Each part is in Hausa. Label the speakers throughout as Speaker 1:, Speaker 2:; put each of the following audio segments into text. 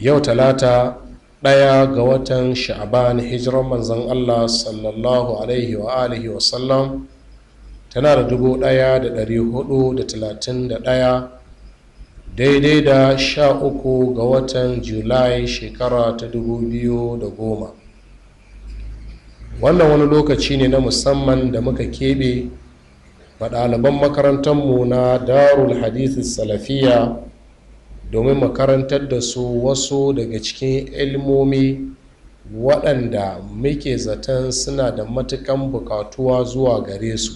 Speaker 1: yau talata ɗaya ga watan sha'aban hijiran manzan allah sallallahu alaihi wa alihi wasallam tana da dubu ɗaya da ɗari hudu da talatin da ɗaya daidai da sha uku ga watan julai shekara ta dubu biyu da goma wannan wani lokaci ne na musamman da muka keɓe ɗaliban makarantar mu na darul hadithin salafiya domin makarantar da su wasu daga cikin ilmomi waɗanda muke zaton suna da matukan bukatuwa zuwa gare su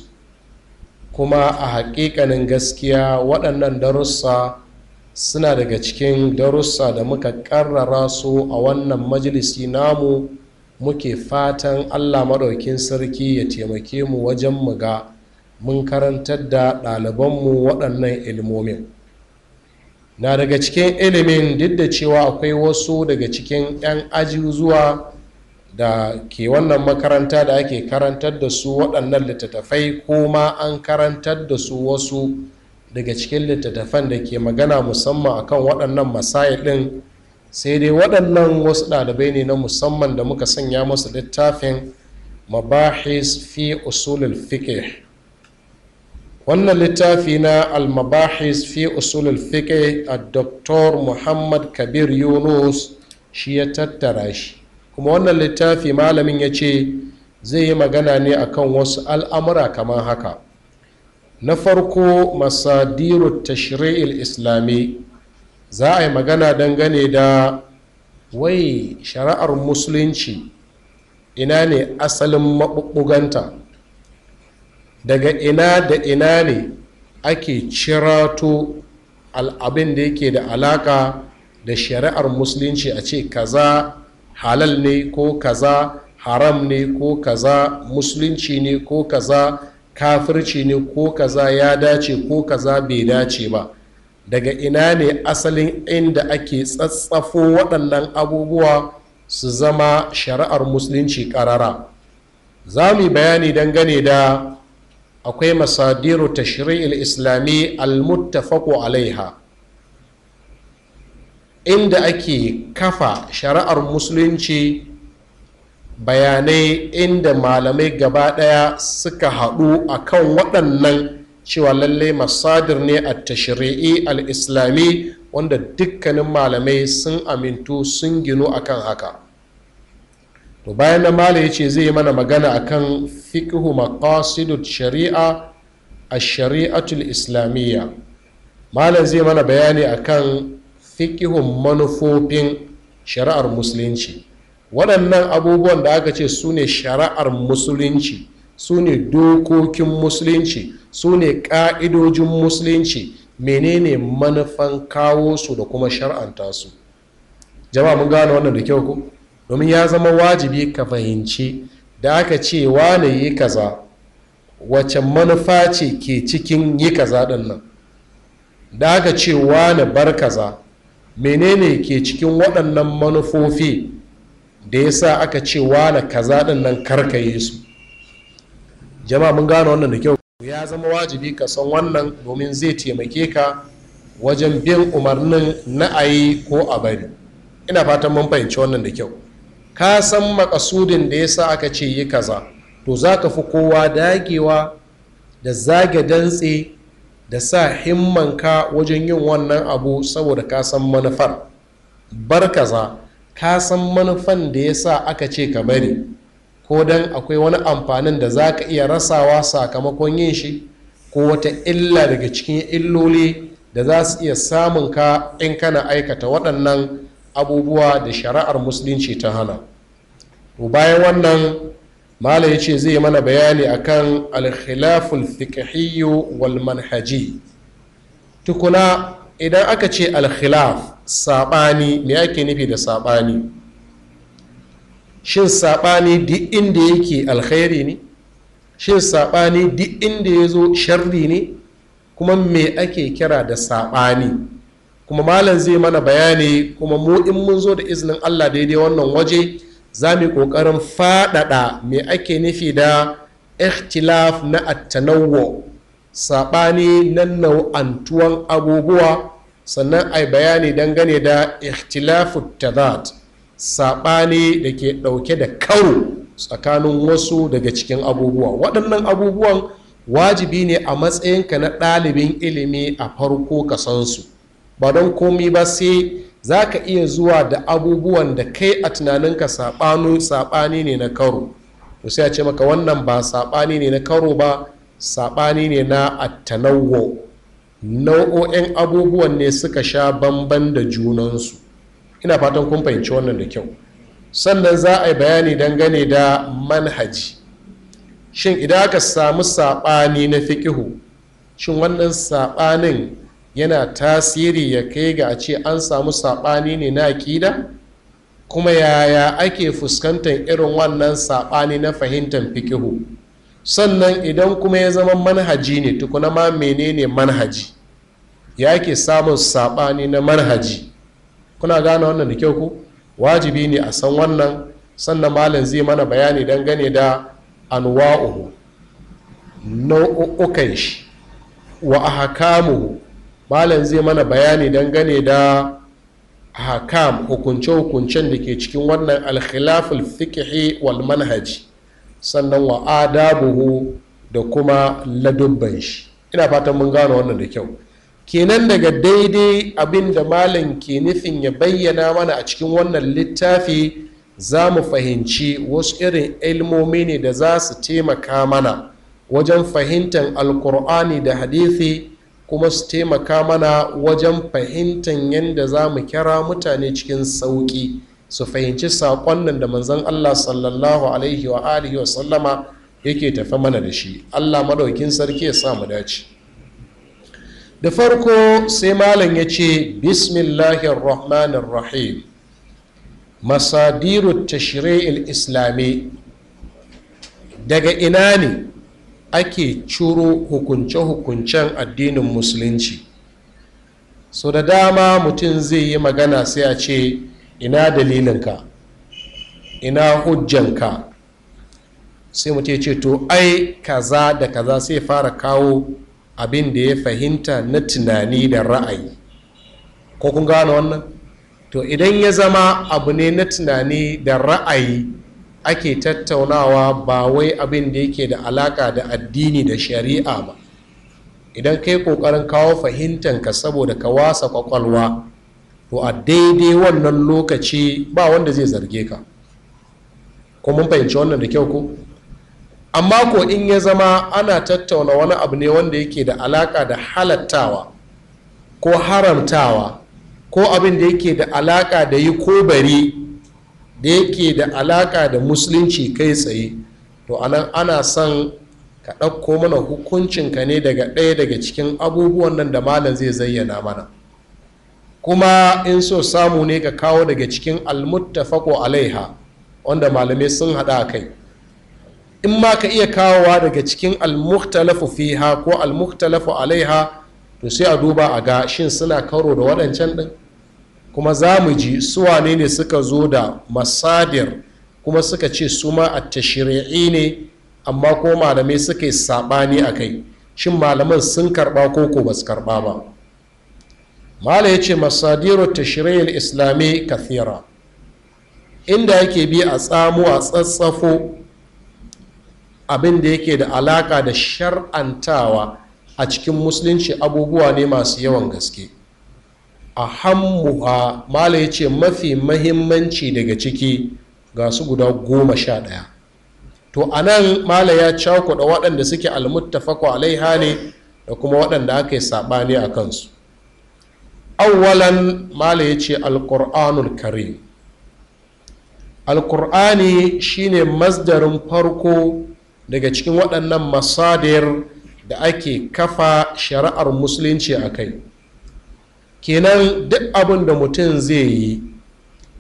Speaker 1: kuma a haƙiƙanin gaskiya waɗannan darussa suna daga cikin darussa da muka ƙarrara su a wannan majalisi namu muke fatan allah maɗaukin sarki ya taimake mu wajen muga mun karantar da ɗalibanmu waɗannan ilmomin na daga cikin ilimin duk da cewa akwai wasu daga cikin 'yan aji zuwa da ke wannan makaranta da ake karantar da su waɗannan littattafai ko ma an karantar da su wasu daga cikin littattafan da ke magana musamman akan waɗannan masayi ɗin sai dai waɗannan wasu ɗalibai ne na musamman da muka sanya musu littafin mabahis fi usulul fiqh wannan littafi na almabahis fi usulul fiqh a dr muhammad kabir yunus shi ya tattara shi kuma wannan littafi malamin ya ce zai yi magana ne akan wasu al'amura kamar haka na farko masadiru tashri'il islami za a yi magana dangane da wai shari'ar musulunci ina ne asalin maɓuɓɓuganta daga ina da ina ne ake cirato al'abin da yake da alaka da shari'ar musulunci a ce kaza halal ne ko kaza haram ne ko kaza musulunci ne ko kaza kafirci ne ko kaza ya dace ko kaza bai dace ba daga ina ne asalin inda ake tsatsafo waɗannan abubuwa su zama shari'ar musulunci ƙarara za mu yi bayani dangane da akwai masadiru tashri'il islami al-muttafaqu alaiha inda ake kafa shari'ar musulunci bayanai inda malamai gaba ɗaya suka haɗu a kan waɗannan cewa lallai masadir ne a tashri'i al-islami wanda dukkanin malamai sun amintu sun ginu akan haka to bayan nan malam ya ce zai yi mana magana akan fiqhu maqasidut shari'a a shari'atul islamiyya malam zai mana bayani akan fiqhun manufofin shari'ar musulunci waɗannan abubuwan da aka ce su ne shari'ar musulunci su ne dokokin musulunci su ne ƙa'idojin musulunci menene manufan kawo su da kuma shar'anta su jama'a mun gane wannan da kyau ko. domin ya zama wajibi ka fahimci da aka ce wane yi kaza wace manufa ce ke cikin yi kaza din nan da aka ce wane bar kaza menene ke cikin waɗannan manufofi da ya sa aka ce wane kaza din nan karkaye su jama'a mun gano wannan da kyau ya zama wajibi ka san wannan domin zai taimake ka wajen bin umarnin na'ayi ko a bari ina fatan mun fahimci wannan da kyau ka san makasudin da ya sa aka ce yi kaza to za ka fi kowa dagewa da zage dantse da sa himman ka wajen yin wannan abu saboda ka san manufar bar kaza ka san manufan da ya sa aka ce ka bari ko don akwai wani amfanin da za ka iya rasawa sakamakon yin shi ko wata illa daga cikin illoli da za su iya samun ka in kana aikata waɗannan abubuwa da shari'ar musulunci ta hana to bayan wannan Malam ya ce zai mana bayani akan alkhilaful fiqhiyyu wal manhaji tukuna idan aka ce alkhilaf sabani me ake nufi da sabani shin sabani duk inda yake alkhairi ne shin sabani duk inda ya zo sharri ne kuma me ake kira da sabani kuma malam zai mana bayani kuma mu in mun zo da izinin allah daidai wannan waje za mu yi ƙoƙarin faɗaɗa me ake nufi da ikhtilaf na attanawo saɓani na nau'antuwan abubuwa sannan a bayani dangane da ikhtilafu tadat saɓani da ke ɗauke da kawo tsakanin wasu daga cikin abubuwa waɗannan abubuwan wajibi ne a matsayinka na ɗalibin ilimi a farko kasansu. ba don komi ba sai za ka iya zuwa da abubuwan da kai a tunaninka saɓani ne na karo to sai a ce maka wannan ba saɓani ne na karo ba saɓani ne na attanawo nau'o'in abubuwan ne suka sha bamban da junansu ina fatan kun fahimci wannan da kyau sannan za a yi bayani dangane da manhaji shin idan aka samu saɓani na fiƙihu shin wannan saɓanin yana tasiri ya kai ga a ce an samu saɓani ne na aƙida kuma yaya ake fuskantar irin wannan saɓani na fahimtar fikihu sannan idan kuma ya zama manhaji ne tukuna ma menene manhaji ya ke samun saɓani na manhaji kuna gane wannan da kyau ku wajibi ne a san wannan sannan malam zai mana bayani dangane da anwa'uhu nau'ukan shi wa ahkamuhu malam zai mana bayani dangane da hakam hukunce-hukuncen da ke cikin wannan alkhilaful fikihi wal manhaji sannan wa adabuhu da kuma ladubban shi ina fatan mun gano wannan da kyau kenan daga daidai abin da malam ke nufin ya bayyana mana a cikin wannan littafi za mu fahimci wasu irin ilmomi ne da za su taimaka mana wajen fahimtar alkur'ani da hadithi kuma su taimaka mana wajen fahimtar yadda za mu kira mutane cikin sauƙi su fahimci saƙon nan da manzon allah sallallahu alaihi wa alihi wa sallama yake tafi mana da shi allah madaukin sarki ya sa mu dace da farko sai malam ya ce bismillahir rahmanir rahim masadiru tashri'il islami daga ina ne ake curo hukunce-hukuncen addinin musulunci so da dama mutum zai yi magana sai a ce ina dalilinka ina hujjanka sai mutum ce to ai kaza da kaza sai fara kawo abin da ya fahimta na tunani da ra'ayi ko kun gane wannan to idan ya zama abu ne na tunani da ra'ayi ake tattaunawa ba wai abin da yake da alaka da addini da shari'a ba idan kai kokarin kawo fahimtanka saboda ka wasa kwakwalwa to a daidai wannan lokaci ba wanda zai zarge ka ko mun fahimci wannan da kyau ko amma ko in ya zama ana tattauna wani abu ne wanda yake da alaka da halattawa ko haramtawa ko abin da yake da alaka da yi ko bari da yake da alaka da musulunci kai tsaye to anan ana son ka ɗauko mana hukuncinka ne daga ɗaya daga cikin abubuwan nan da malam zai zayyana mana kuma in so samu ne ka kawo daga cikin almuttafaqo alaiha wanda malamai sun haɗa kai in ma ka iya kawowa daga cikin almuhtalafu fiha ko almuhtalafu alaiha to sai a duba a ga shin suna karo da waɗancan ɗin kuma za mu ji suwane ne suka zo da masadir kuma suka ce su ma a tashiri'i ne amma ko malamai suka yi saɓani a kai shin malaman sun karɓa ko ko ba su karɓa ba mala ya ce masadiru tashiri'il islami kathira inda yake bi a tsamo a tsatsafo abin da yake da alaka da shar'antawa a cikin musulunci abubuwa ne masu yawan gaske a hammuha mala ya ce mafi mahimmanci daga ciki ga su guda goma sha ɗaya to a nan mala ya cakuɗa waɗanda suke almuttafaqu alaiha ne da kuma waɗanda aka yi saɓani a kansu awwalan mala ya ce alƙur'anul karim alƙur'ani shine masdarin farko daga cikin waɗannan masadir da ake kafa shari'ar musulunci a kai kenan duk abin da mutum zai yi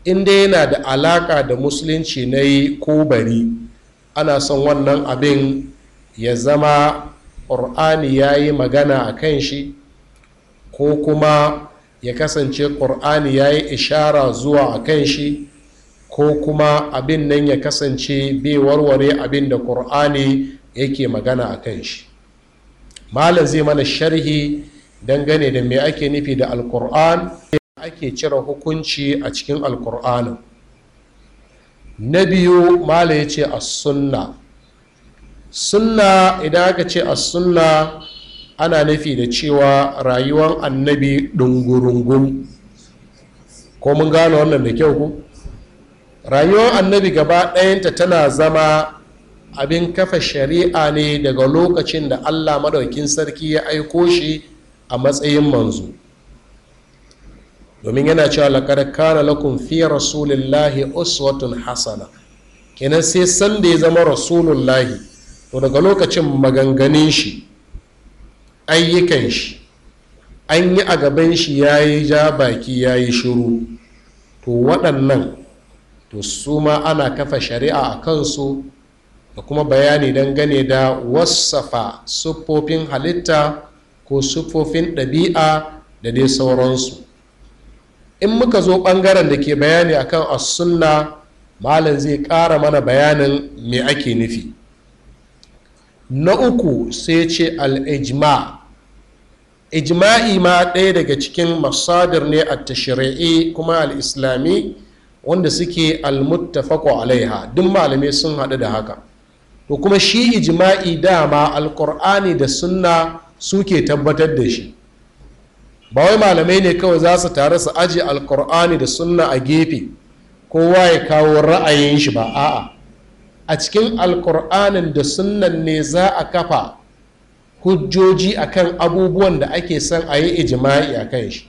Speaker 1: inda yana da alaka da musulunci na yi ko bari ana son wannan abin ya zama ƙur'ani ya yi magana a kan shi ko kuma ya kasance ƙur'ani ya yi ishara zuwa a kan shi ko kuma abin nan ya kasance bai warware abin da ƙur'ani yake magana a kan shi malam zai mana sharhi dangane da me ake nufi da alkur'an ake cire hukunci a cikin alkur'anin na biyu mala ya ce a sunna sunna idan aka ce a sunna ana nufi da cewa rayuwar annabi ɗungurungun ko mun gano wannan da kyau ku rayuwar annabi gaba ɗayanta tana zama abin kafa shari'a ne daga lokacin da allah maɗaukin sarki ya aiko shi a matsayin manzo domin yana cewa laƙar kana lakum fi rasulillahi uswatun hasana kenan sai sanda ya zama rasulullahi to daga lokacin maganganun shi ayyukan shi an yi a gaban shi ya yi ja baki ya yi shiru to waɗannan to su ma ana kafa shari'a a kansu da kuma bayani dangane da wasafa siffofin halitta ko siffofin ɗabi'a da dai sauransu in muka zo ɓangaren da ke bayani akan as-sunna malam zai ƙara mana bayanin me ake nufi na uku sai ce al-ijma ijma'i ma ɗaya daga cikin masadir ne a tashri'i kuma al-islami wanda suke al muttafaqo alaiha duk malamai sun haɗu da haka to kuma shi ijma'i dama al-qur'ani da sunna suke tabbatar da shi ba wai malamai ne kawai za su tare su ajiye alkur'ani da sunna a gefe kowa ya kawo ra'ayin shi ba a'a a cikin alkur'anin da sunnan ne za a kafa hujjoji akan abubuwan da ake son a yi ijima'i a kan shi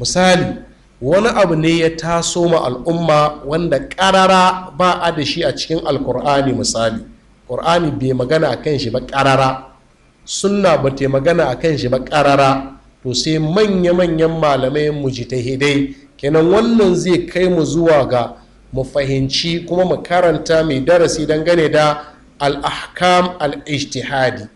Speaker 1: misali wani abu ne ya taso ma al'umma wanda ƙarara ba a da shi a cikin alkur'ani misali ƙur'ani bai magana a kan shi ba ƙarara sunna ba ta magana a kan shi ba ƙarara to sai manya-manyan malamai mu ji hidai kenan wannan zai kai mu zuwa ga mu fahimci kuma mu karanta mai darasi dangane da al-ahkam al-ijtihadi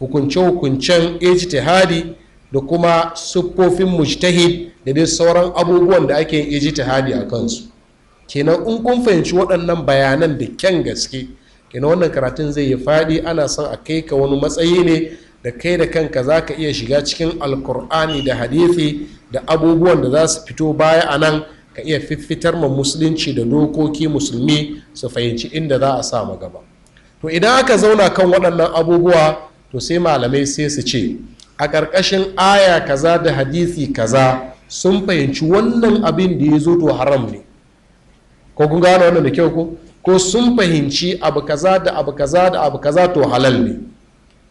Speaker 1: hukunce-hukuncen ijtihadi da kuma siffofin mujtahid da dai sauran abubuwan da ake ijtihadi a kansu kenan in kun fahimci waɗannan bayanan da kyan gaske kenan wannan karatun zai yi faɗi ana son a kai ka wani matsayi ne da kai da kanka za ka iya shiga cikin alkur'ani da hadithi da abubuwan da za su fito baya a nan ka iya fiffitar ma musulunci da dokoki musulmi su fahimci inda za a sa mu gaba to idan aka zauna kan waɗannan abubuwa to sai malamai sai su ce a ƙarƙashin aya kaza da hadithi kaza sun fahimci wannan abin da ya zo to haram ne ko kun gane wannan da kyau ko ko sun fahimci abu kaza da abu kaza da abu kaza to halal ne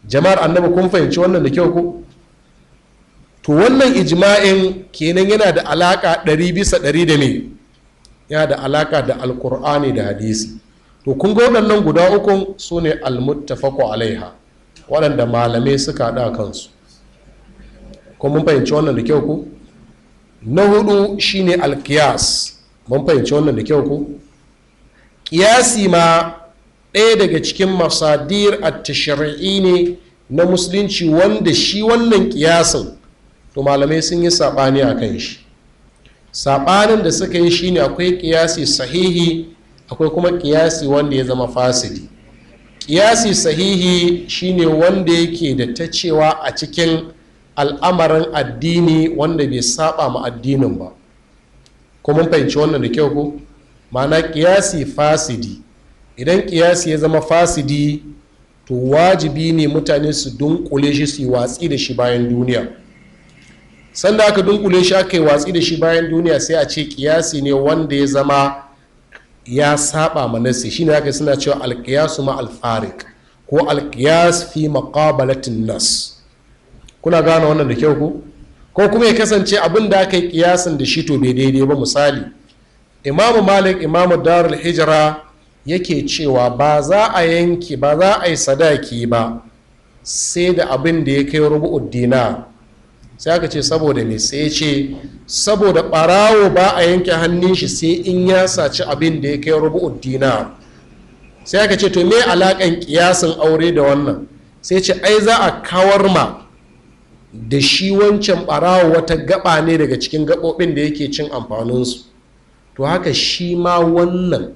Speaker 1: jama'ar annabi kun fahimci wannan da kyau ko to wannan ijma'in kenan yana da alaka ɗari bisa ɗari da me yana da alaka da alkur'ani da hadisi to kun ga waɗannan guda ukun su ne almuttafaqu alaiha waɗanda malamai suka haɗa kansu ko mun fahimci wannan da kyau ko na hudu shine alkiyas mun fahimci wannan da kyau ko Kiyasi ma ɗaya daga cikin masadir a tashari'i ne na musulunci wanda shi wannan kiyasin. to malamai sun yi saɓani a kan shi saɓanin da suka yi shine akwai kiyasi sahihi akwai kuma kiyasi wanda ya zama fasidi Kiyasi sahihi shine wanda yake da ta cewa a cikin al'amarin addini wanda bai saba ma addinin ba kuma fahimci wannan da kyau ko ma'ana kiyasi fasidi idan kiyasi ya zama fasidi to wajibi ne mutane su dunkule shi su yi watsi da shi bayan duniya sanda aka dunkule shi aka yi watsi da shi bayan duniya sai a ce kiyasi ne wanda ya zama ya saba ma nasi aka haka suna cewa alkiyasu ma alfarik ko alkiyas fi makabalatin nas kuna gane wannan da kyau ko ko kuma ya kasance abin da aka yi kiyasin da shi to bai daidai ba misali imamu malik imamu darul hijira yake cewa ba za a yanki ba za a yi sadaki ba sai da abin da ya kai rubu dina sai aka ce saboda me sai ce saboda barawo ba a yanke hannun shi sai in ya saci abin da ya kai rubu dina sai aka ce to me alakan kiyasin aure da wannan sai ce ai za a kawar ma da shi wancan barawo wata gaba ne daga cikin gabobin da yake cin amfaninsu to haka shi ma wannan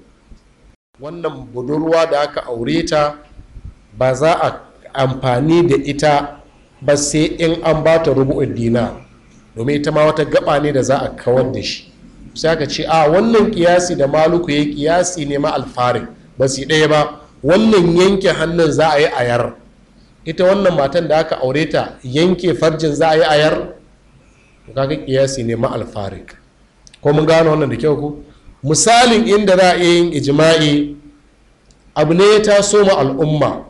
Speaker 1: wannan budurwa da aka aure ta ba za a amfani da ita ba sai in an ba ta rubu'in dina domin ita ma wata gaba ne da za a kawar da shi sai aka ce a wannan kiyasi da maluku ya kiyasi ne ma alfarin ba su ɗaya ba wannan yanke hannun za a yi yar. ita wannan matan da aka aure ta yanke farjin za a yi ayar kaga kiyasi ne ma alfarin ko mun gano wannan da kyau ku misalin inda za a yin ijima'i abu ne ya taso ma al'umma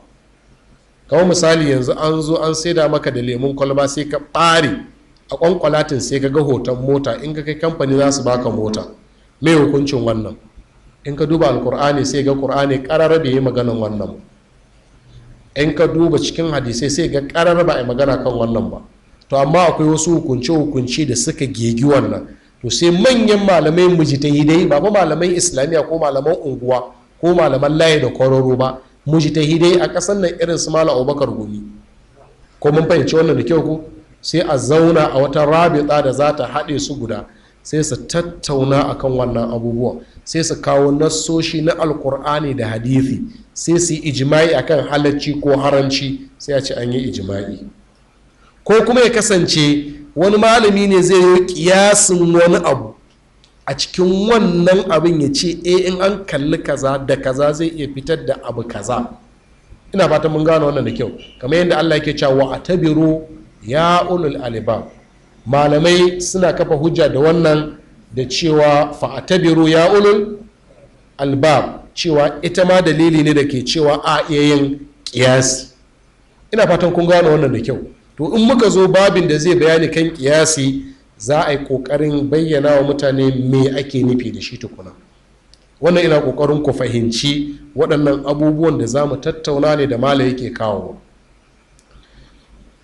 Speaker 1: kawo misali yanzu an zo an saida maka da lemun kwalba sai ka ɓare a kwankwalatin sai ka ga hoton mota in ka kai kamfani za su baka mota mai hukuncin wannan in ka duba alkur'ani sai ga ƙarar da bai yi maganan wannan in ka duba cikin hadisai sai ga ƙarar ba a yi magana kan wannan ba to amma akwai wasu hukunce hukunce da suka gegi wannan to sai manyan malamai mujtahidai ba ba malamai islamiyya ko malaman unguwa ko malaman layi da kwararo ba mujtahidai a ƙasar nan irin su malam abubakar gumi ko mun fahimci wannan da kyau ko sai a zauna a wata rabita da za ta haɗe su guda sai su tattauna akan wannan abubuwa sai su kawo nassoshi na alkur'ani da hadithi sai su yi ijima'i akan halacci ko haranci sai a ce an yi ijima'i ko kuma ya kasance wani malami ne zai yi kiyasin wani abu a cikin wannan abin ya ce e in an kalli kaza da kaza zai iya fitar da abu kaza ina fatan mun gano wannan da kyau kamar yadda Allah yake cewa a tabiru ya ulul alibab malamai suna kafa hujja da wannan da cewa fa a tabiru ya ulul albab cewa ita ma dalili ne da ke cewa a iya yin kiyasi ina fatan kun gano wannan da kyau to in muka zo babin da zai bayani kan kiyasi za a yi kokarin bayyana wa mutane me ake nufi da shi tukuna wannan ina kokarin ku fahimci waɗannan abubuwan da za mu tattauna ne da mala yake kawo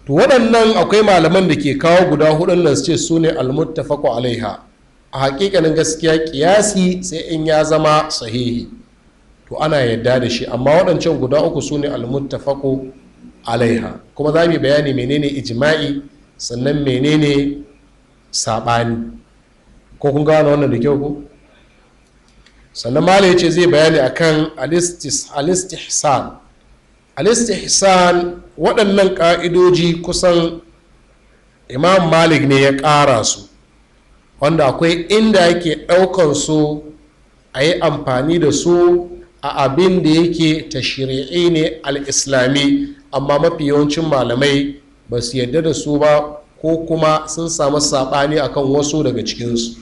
Speaker 1: to waɗannan akwai malaman da ke kawo guda hudun nan su ce su ne almuttafaku alaiha a haƙiƙanin gaskiya kiyasi sai in ya zama sahihi to ana yadda da shi amma waɗancan guda uku su ne almuttafaku alaiha kuma za mu bayani menene ijma'i sannan menene saɓani ko kun gano wannan da kyau ko sannan mala ya ce zai bayani akan alistihsan alistihsan waɗannan ƙa'idoji kusan imam malik ne ya ƙara su wanda akwai inda yake ɗaukan su a yi amfani da su a abin da yake ta shiri'i ne Al-Islami. amma mafi yawancin malamai ba su yadda da su ba ko kuma sun samu saɓani akan wasu daga cikinsu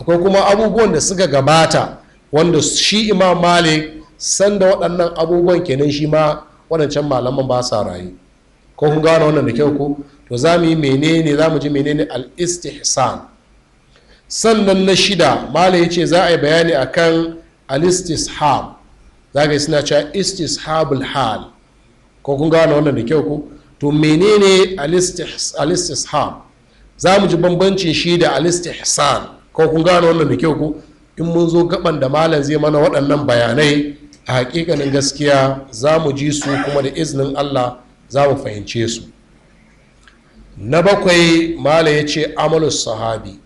Speaker 1: akwai kuma abubuwan da suka gabata wanda shi imam malik sanda waɗannan abubuwan kenan shi ma waɗancan malaman ba sa rayu ko kun gane wannan da kyau ko to za mu yi menene za mu ji menene al-istihsan sannan na shida malam yace ce za a yi bayani akan al-istishab za ka suna cewa istishabul hal ko kun gane wannan da kyau ko to menene alistisham za mu ji bambancin shi da alistihsan ko kun gane wannan da kyau ko in mun zo gaban da malam zai mana waɗannan bayanai a hakikanin gaskiya za mu ji su kuma da iznin allah za mu fahimce su na bakwai malam ya ce amalus sahabi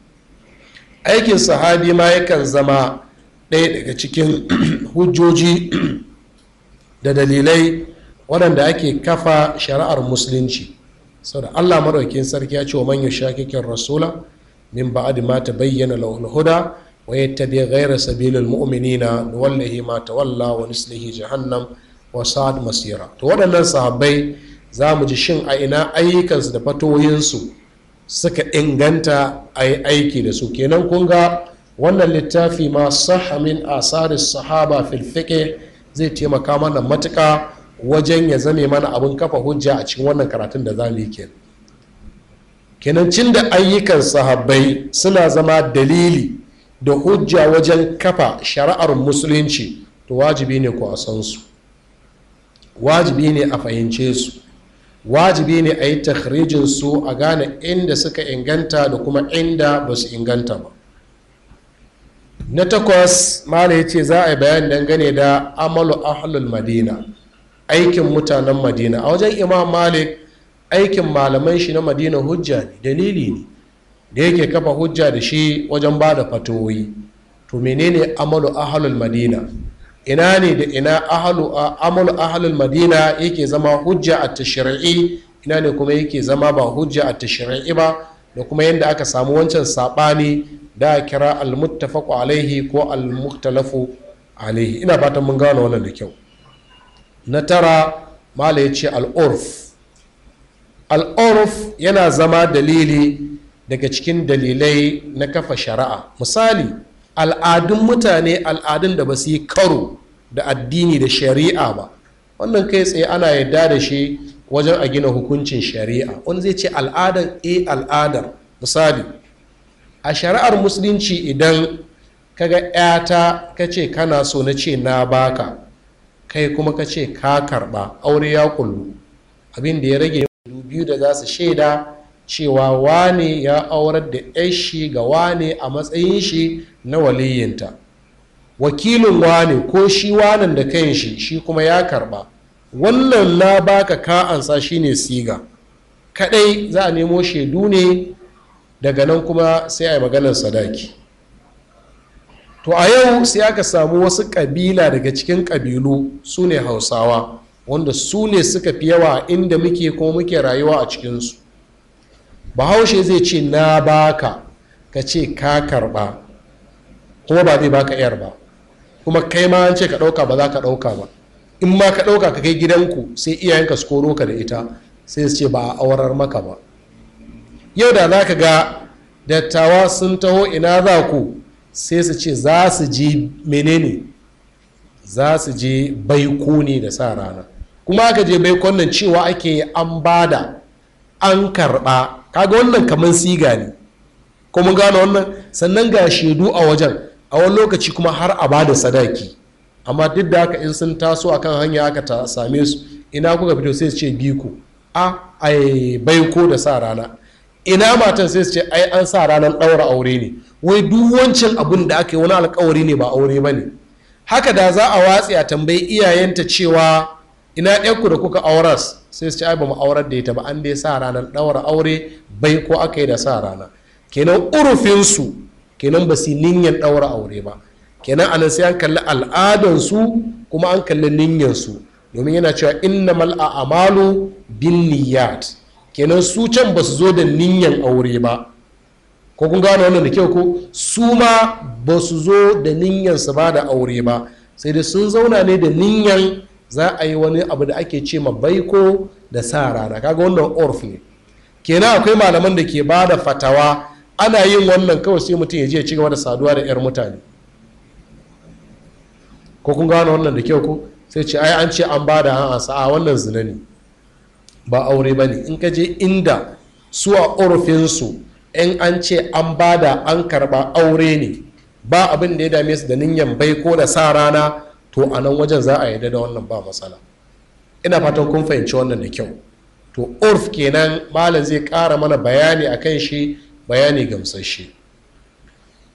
Speaker 1: aikin sahabi ma yakan zama ɗaya daga cikin hujjoji da dalilai waɗanda ake kafa shari'ar musulunci saboda allah maɗaukin sarki ya ce wa manyan shakikin rasula min ba'ad ma ta bayyana lahul huda wa biya gaira sabilul mu'minina wallahi ma tawalla wa nuslihi jahannam wa sa'ad masira to waɗannan sahabbai za mu ji shin a ina ayyukansu da fatoyinsu suka inganta a yi aiki da su kenan kun ga wannan littafi ma sahamin asarin sahaba filfike zai taimaka mana matuƙa wajen ya zame mana abin kafa hujja a cikin wannan karatun da za mu yi kenan kenan cin da ayyukan sahabbai suna zama dalili da hujja wajen kafa shari'ar musulunci to wajibi ne ku a san su wajibi ne a fahimce su wajibi ne a yi takhrijin su a gane inda suka inganta da kuma inda ba su inganta ba na takwas mala ya ce za a yi bayan dangane da amalu ahlul madina aikin mutanen madina a wajen imam malik aikin malaman shi na madina hujja ne dalili ne da yake kafa hujja da shi wajen ba da fatoyi to menene amalu ahalul madina ina ne da ina ahalu amalu ahalul madina yake zama hujja a tashri'i ina ne kuma yake zama ba hujja a tashri'i ba da kuma yadda aka samu wancan sabani da kira al-muttafaqu alaihi ko al-mukhtalafu alaihi ina fatan mun gano wannan da kyau na tara mala ya ce al'urf al'urf yana zama dalili daga cikin dalilai na kafa shari'a misali al'adun mutane al'adun da ba su yi karo da addini da shari'a ba wannan kai tsaye ana yadda da shi wajen a gina hukuncin shari'a wani zai ce al'adar a eh, al'adar misali a shari'ar musulunci idan kaga 'yata ka ce kana so na ce na baka kai kuma ka ce ka karɓa aure ya kullu abin da ya rage biyu da za su shaida cewa wane ya aurar da yashi ga wane a matsayin shi na waliyinta wakilin wane ko shi wanan da kan shi shi kuma ya karba wannan na baka ka ansa shine siga kadai za a nemo shaidu ne daga nan kuma sai a yi maganar sadaki to a yau sai aka samu wasu ƙabila daga cikin ƙabilu su ne hausawa wanda su ne suka fi yawa inda muke ko muke rayuwa a cikinsu bahaushe zai ce na baka ka ce ka karba kuma ba zai baka yar ba kuma kai ma an ce ka ɗauka ba za ka ɗauka ba in ma ka ɗauka ka kai gidanku sai iyayenka su koro ka da ita sai su ce ba a aurar maka ba yau da za ka ga dattawa sun taho ina za ku sai su ce za su ji menene za su je baiko ne da sa rana kuma aka je baikon nan cewa ake an bada an karba kaga wannan kamar siga ne ko gano wannan sannan ga shaidu a wajen a wani lokaci kuma har a bada sadaki amma duk da haka in sun taso a kan hanya aka same su ina kuka fito sai su ce biku a ai baiko da sa rana ina matan sai su ce ai an sa ranar ɗaura aure ne wai duk wancan abun da aka yi wani alkawari ne ba aure ba ne haka da za a watsi a tambayi iyayenta cewa ina ɗanku da kuka auras sai su ce ai ba mu aurar da ita ba an dai sa ranar ɗaura aure bai ko aka yi da sa rana kenan urufinsu kenan ba su niyyar ɗaura aure ba kenan anan sai an kalli al'adansu kuma an kalli niyyarsu domin yana cewa innamal a'malu bin niyyat kenan su can ba su zo da niyan aure ba ko kun gane wannan da kyau ko su ma ba su zo da niyan su ba da aure ba sai dai sun zauna ne da niyan za a yi wani abu da ake ce ma baiko da sa rana kaga wannan orf ne kenan akwai malaman da ke ba da fatawa ana yin wannan kawai sai mutum ya je ci gaba da saduwa da 'yar mutane ko kun gane wannan da kyau ko sai ce ai an ce an ba da a'a sa'a wannan zina ba aure ba ne in ka je inda su a urfinsu in an ce an bada an karba aure ne ba abin da ya dame su da ninyan bai ko da sa rana to a nan wajen za a yarda da wannan ba matsala ina fatan kun fahimci wannan da kyau to urf kenan malam zai ƙara mana bayani a kan shi bayani gamsasshe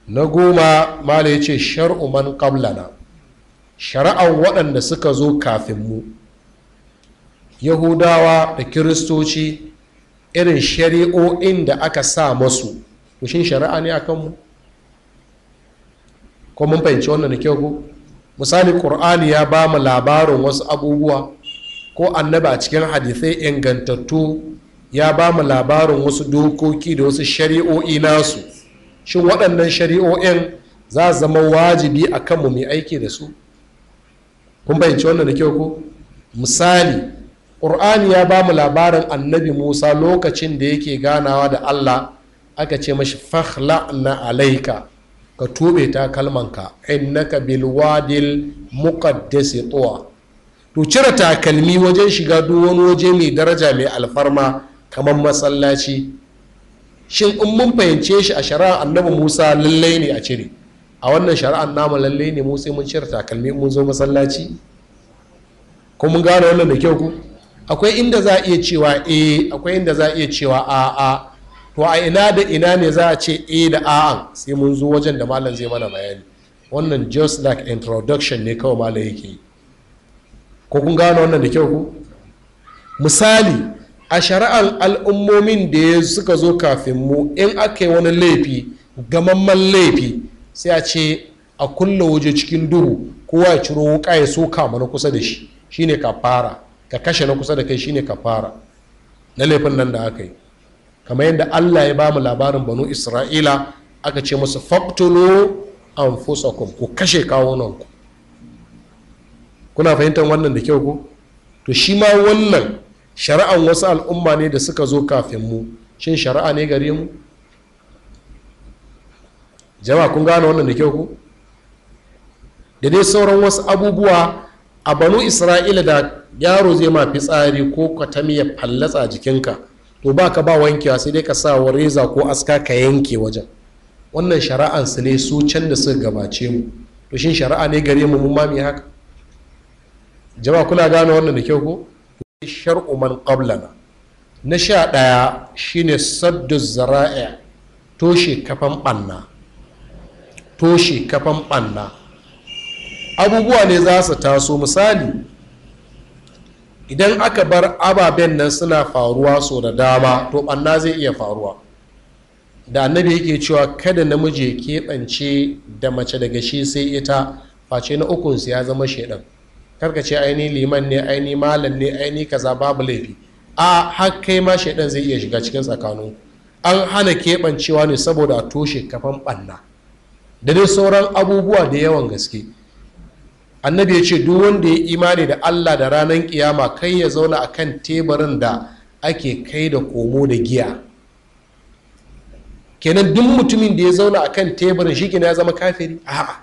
Speaker 1: na goma malam ya ce shar'u man qablana shari'ar waɗanda suka zo kafin mu yahudawa da kiristoci irin shari'o'in da aka sa masu mushin shari'a ne a kanmu ko mun fahimci wannan da kyau ku? misali ƙur'ani ya ba mu labarin wasu abubuwa ko annabi a cikin hadisai ingantattu ya ba mu labarin wasu dokoki da wasu shari'o'i nasu shin waɗannan shari'o'in za a zama wajibi a kanmu mai aiki da su kun fahimci wannan da kyau ku? misali ƙur'ani ya ba mu labarin annabi musa lokacin da yake ganawa da allah aka ce mashi fahla na alaika ka tube ta kalmanka innaka bilwadil muqaddasi tuwa to cire takalmi wajen shiga duk wani waje mai daraja mai alfarma kamar masallaci shin in mun fahimce shi a shari'a annabi musa lallai ne a cire a wannan shari'ar namu lallai ne mu sai mun cire takalmi mun zo masallaci ko mun gane wannan da kyau ku akwai inda za a iya cewa a akwai inda za a iya cewa a'a to a ina da ina ne za a ce A da A, sai mun zo wajen da malam zai mana bayani wannan just like introduction ne kawai malam yake yi ko kun gano wannan da kyau ku misali a shari'ar al'ummomin da ya suka zo kafin mu in aka yi wani laifi gamamman laifi sai a ce a kulla waje cikin duhu kowa ya ciro wuka ya soka mana kusa da shi shine kafara fara ka kashe na kusa da kai shine fara na laifin nan da aka yi kamar yadda Allah ya ba mu labarin banu Isra'ila aka ce musu an anfusakum ku kashe kawunanku kuna fahimtar wannan da kyau ku to shi ma wannan shari'an wasu al'umma ne da suka zo kafin mu shin shari'a ne gare mu jama'a kun gane wannan da kyau ku da dai sauran wasu abubuwa a banu isra'ila da yaro zai ma tsari ko ta ya fallatsa jikinka to ba ka ba wankewa sai dai ka sa wa reza ko aska ka yanke wajen wannan shari'an su ne su can da su gabace mu to shin shari'a ne gare mu mun mami haka jama'a kuna gane wannan da kyau ko shar'u man qablana na sha ɗaya shine saddu zara'i toshe kafan banna toshe kafan ɓanna abubuwa ne za su taso misali idan aka bar ababen nan suna faruwa so da dama to ɓanna zai iya faruwa da annabi yake cewa kada namiji ya keɓance da mace daga shi sai ita face na ukunsu ya zama shaidan ce aini liman ne aini malam ne aini kaza babu laifi a har kai ma shaidan zai iya shiga cikin tsakanin an hana keɓancewa ne saboda a toshe kafan ɓanna da dai sauran abubuwa da yawan gaske annabi ya ce duk wanda ya imani da allah da ranar kiyama kai ya zauna a kan teburin da ake kai da komo da giya kenan duk mutumin da ya zauna a kan teburin shi ya zama kafiri a'a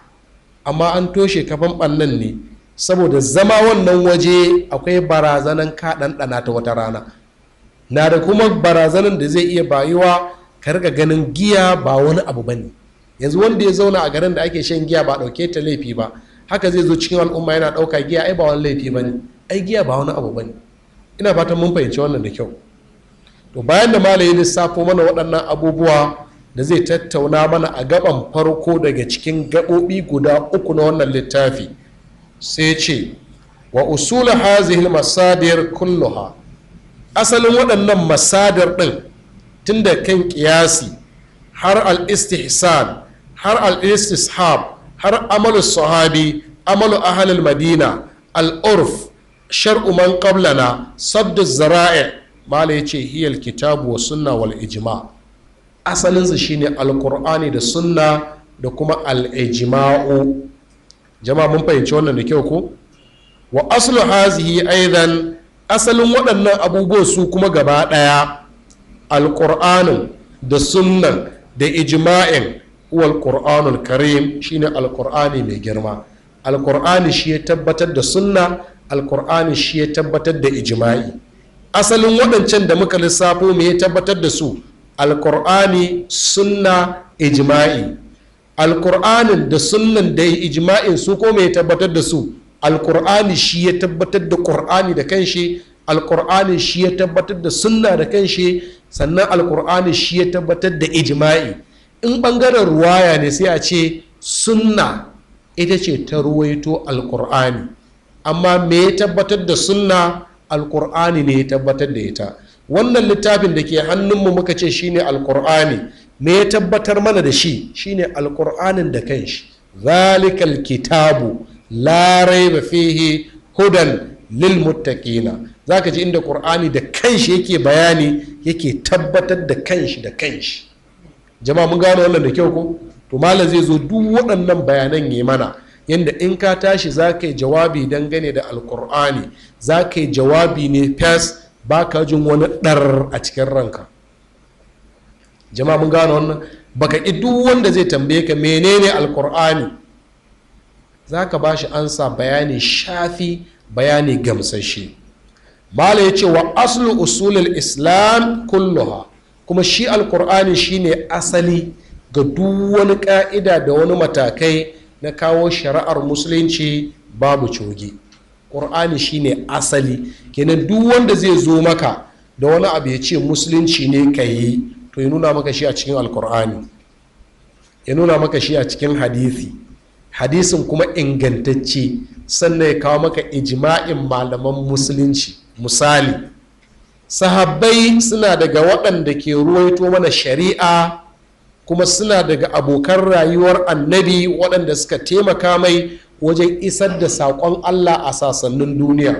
Speaker 1: amma an toshe kafan ɓannan ne saboda zama wannan waje akwai barazanan ka ɗanɗana ta wata rana na da kuma barazanan da zai iya bayuwa ka riga ganin giya ba wani abu ba ne yanzu wanda ya zauna a garin da ake shan giya ba ɗauke ta laifi ba haka zai zo cikin al'umma yana ɗauka giya ai ba wani laifi ba ne ai giya ba wani abu ba ne ina fatan mun fahimci wannan da kyau to bayan da malayi lissafo mana waɗannan abubuwa da zai tattauna mana a gaban farko daga cikin gaɓoɓi guda uku na wannan littafi sai ce wa usula hazihi masadir kulluha asalin waɗannan masadar ɗin tun da kan kiyasi, har al-istihsan har al-istishab har amalu sahabi amalu ahalil madina al'urf shar'u man qablana sabdu zara'i mala yace hiyal kitabu wa sunna wal ijma shi shine alqur'ani da sunna da kuma al'ijima'u. ijmau jama'a mun fahimci wannan da kyau ko wa aslu hazihi aidan asalin waɗannan abubuwa su kuma gaba ɗaya alƙur'anin da sunnan da ijma'in huwal ƙor'anul karim shine Al'ƙur'ani mai girma Al'ƙur'ani shi ya tabbatar da sunna Al'ƙur'ani shi ya tabbatar da ijima'i. asalin waɗancan da muka lissafo me ya tabbatar da su Al'ƙur'ani sunna ijima'i? alqur'anin da sunnan da ijima'in su ko mai ya tabbatar da su Al'ƙur'ani shi ya tabbatar da ƙur'ani da kanshi Al'ƙur'ani shi ya tabbatar da sunna da kanshi sannan Al'ƙur'ani shi ya tabbatar da ijima'i. in ɓangaren ruwaya ne sai a ce sunna ita ce ta ruwaito alkur'ani amma me ya tabbatar da sunna alkur'ani ne ya tabbatar da ita wannan littafin da ke hannunmu muka ce shine alkur'ani me ya tabbatar mana da shi shine alkur'anin da kanshi zalikal kitabu larai ba fihi hudan lil muttaqina zaka ji inda qur'ani da kanshi yake bayani yake tabbatar da kanshi da kanshi jama'a mun gano wannan da kyau ko to malam zai zo duk waɗannan bayanan ya mana yadda in ka tashi za ka yi jawabi dangane da alkur'ani za ka yi jawabi ne fes ba ka jin wani ɗar a cikin ranka jama'a mun gano wannan baka ƙi duk wanda zai tambaye ka menene alkur'ani za ka ba shi ansa bayani shafi bayani gamsashe Malam ya ce wa aslu usulul islam kulluha kuma shi alkur'ani shine asali ga duk wani ka'ida da wani matakai na kawo shari'ar musulunci babu coge ƙur'ani shine asali kenan duk wanda zai zo maka da wani abu ya ce musulunci ne ka yi to ya nuna maka shi a cikin alkur'ani ya nuna maka shi a cikin hadisi hadisin kuma ingantacce sannan ya kawo maka ijima'in malaman musulunci misali sahabbai suna daga waɗanda ke ruwaito mana shari'a kuma suna daga abokan rayuwar annabi waɗanda suka taimaka mai wajen isar da saƙon allah a sasannin duniya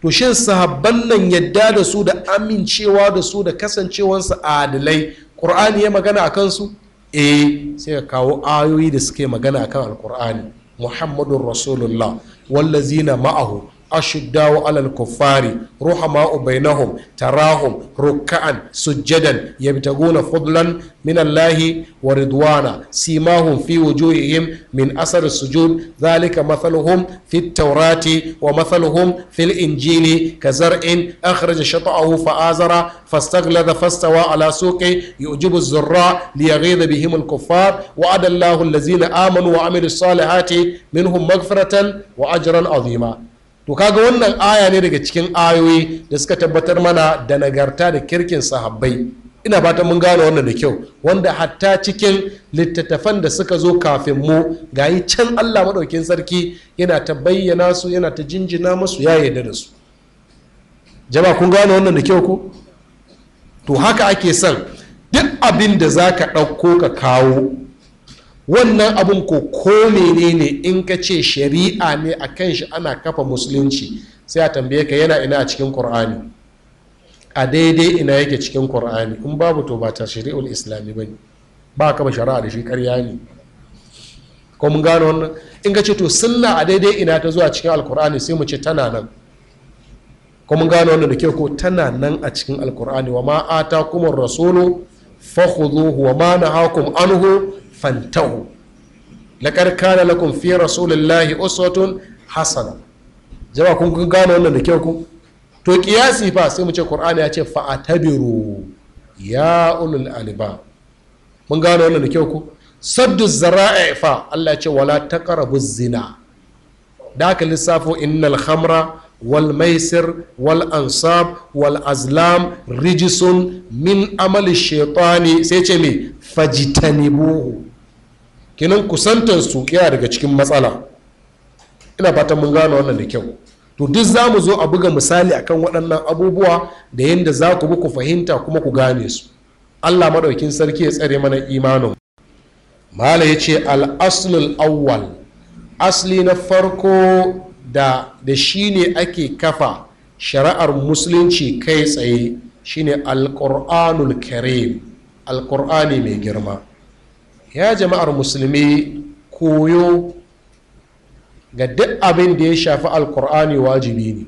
Speaker 1: to shin sahabban nan yadda da su da amincewa da su da kasancewansu adalai ƙur'ani ya magana a kansu eh sai ka kawo ayoyi da suke magana a kan alƙur'ani muhammadun rasulullah wallazina ma'ahu أشداء على الكفار رحماء بينهم تراهم ركعا سجدا يبتغون فضلا من الله ورضوانا سيماهم في وجوههم من أثر السجود ذلك مثلهم في التوراة ومثلهم في الإنجيل كزرع أخرج شطعه فآزر فاستغلظ فاستوى على سوقه يؤجب الزراء ليغيظ بهم الكفار وعد الله الذين آمنوا وعملوا الصالحات منهم مغفرة وأجرا عظيما to kaga wannan aya ne daga cikin ayoyi da suka tabbatar mana da nagarta da kirkin sahabbai ina fatan mun gane wannan da kyau wanda hatta cikin littattafan da suka zo kafin mu gayi can Allah maɗaukin sarki yana ta bayyana su yana ta jinjina masu ya yarda da su jama kun gane wannan da kyau ko to haka ake son duk abin da za ka ɗauko ka kawo wannan abin ko ko menene in ka ce shari'a ne a kan shi ana kafa musulunci sai a tambaye ka yana ina a cikin qur'ani a daidai ina yake cikin qur'ani in babu to ba ta shari'ul islami bane ba ka ba shari'a da shi karya ne ko mun gano wannan in ka ce to sunna a daidai ina ta zuwa cikin alqur'ani sai mu ce tana nan ko mun gano wannan da kyau ko tana nan a cikin alqur'ani wa ma atakumur rasulu fakhudhuhu wa ma nahakum anhu fantahu laqad kana lakum fi rasulillahi uswatun hasana jama'a kun gano wannan da kyau ku to kiyasi fa sai mu ce qur'ani ya ce fa'atabiru ya ulul alba mun gano wannan da kyau ku saddu zara'i fa Allah ce wala taqrabu zina da aka lissafo innal hamra wal maisir wal ansab wal azlam rijisun min amali shaitani sai ce me fajitanibuhu kenan kusantar su yana daga cikin matsala ina fatan mun gano wannan da kyau to duk za mu zo a buga misali akan waɗannan abubuwa da yadda za ku bi ku fahimta kuma ku gane su allah maɗaukin sarki ya tsare mana imanin mala ya ce al'aslul awwal asli na farko da da shi ne ake kafa shari'ar musulunci kai tsaye shine alƙur'anul karim Alkur'ani mai girma ya jama'ar musulmi koyo ga duk abin da ya shafi alkur'ani wajibi ne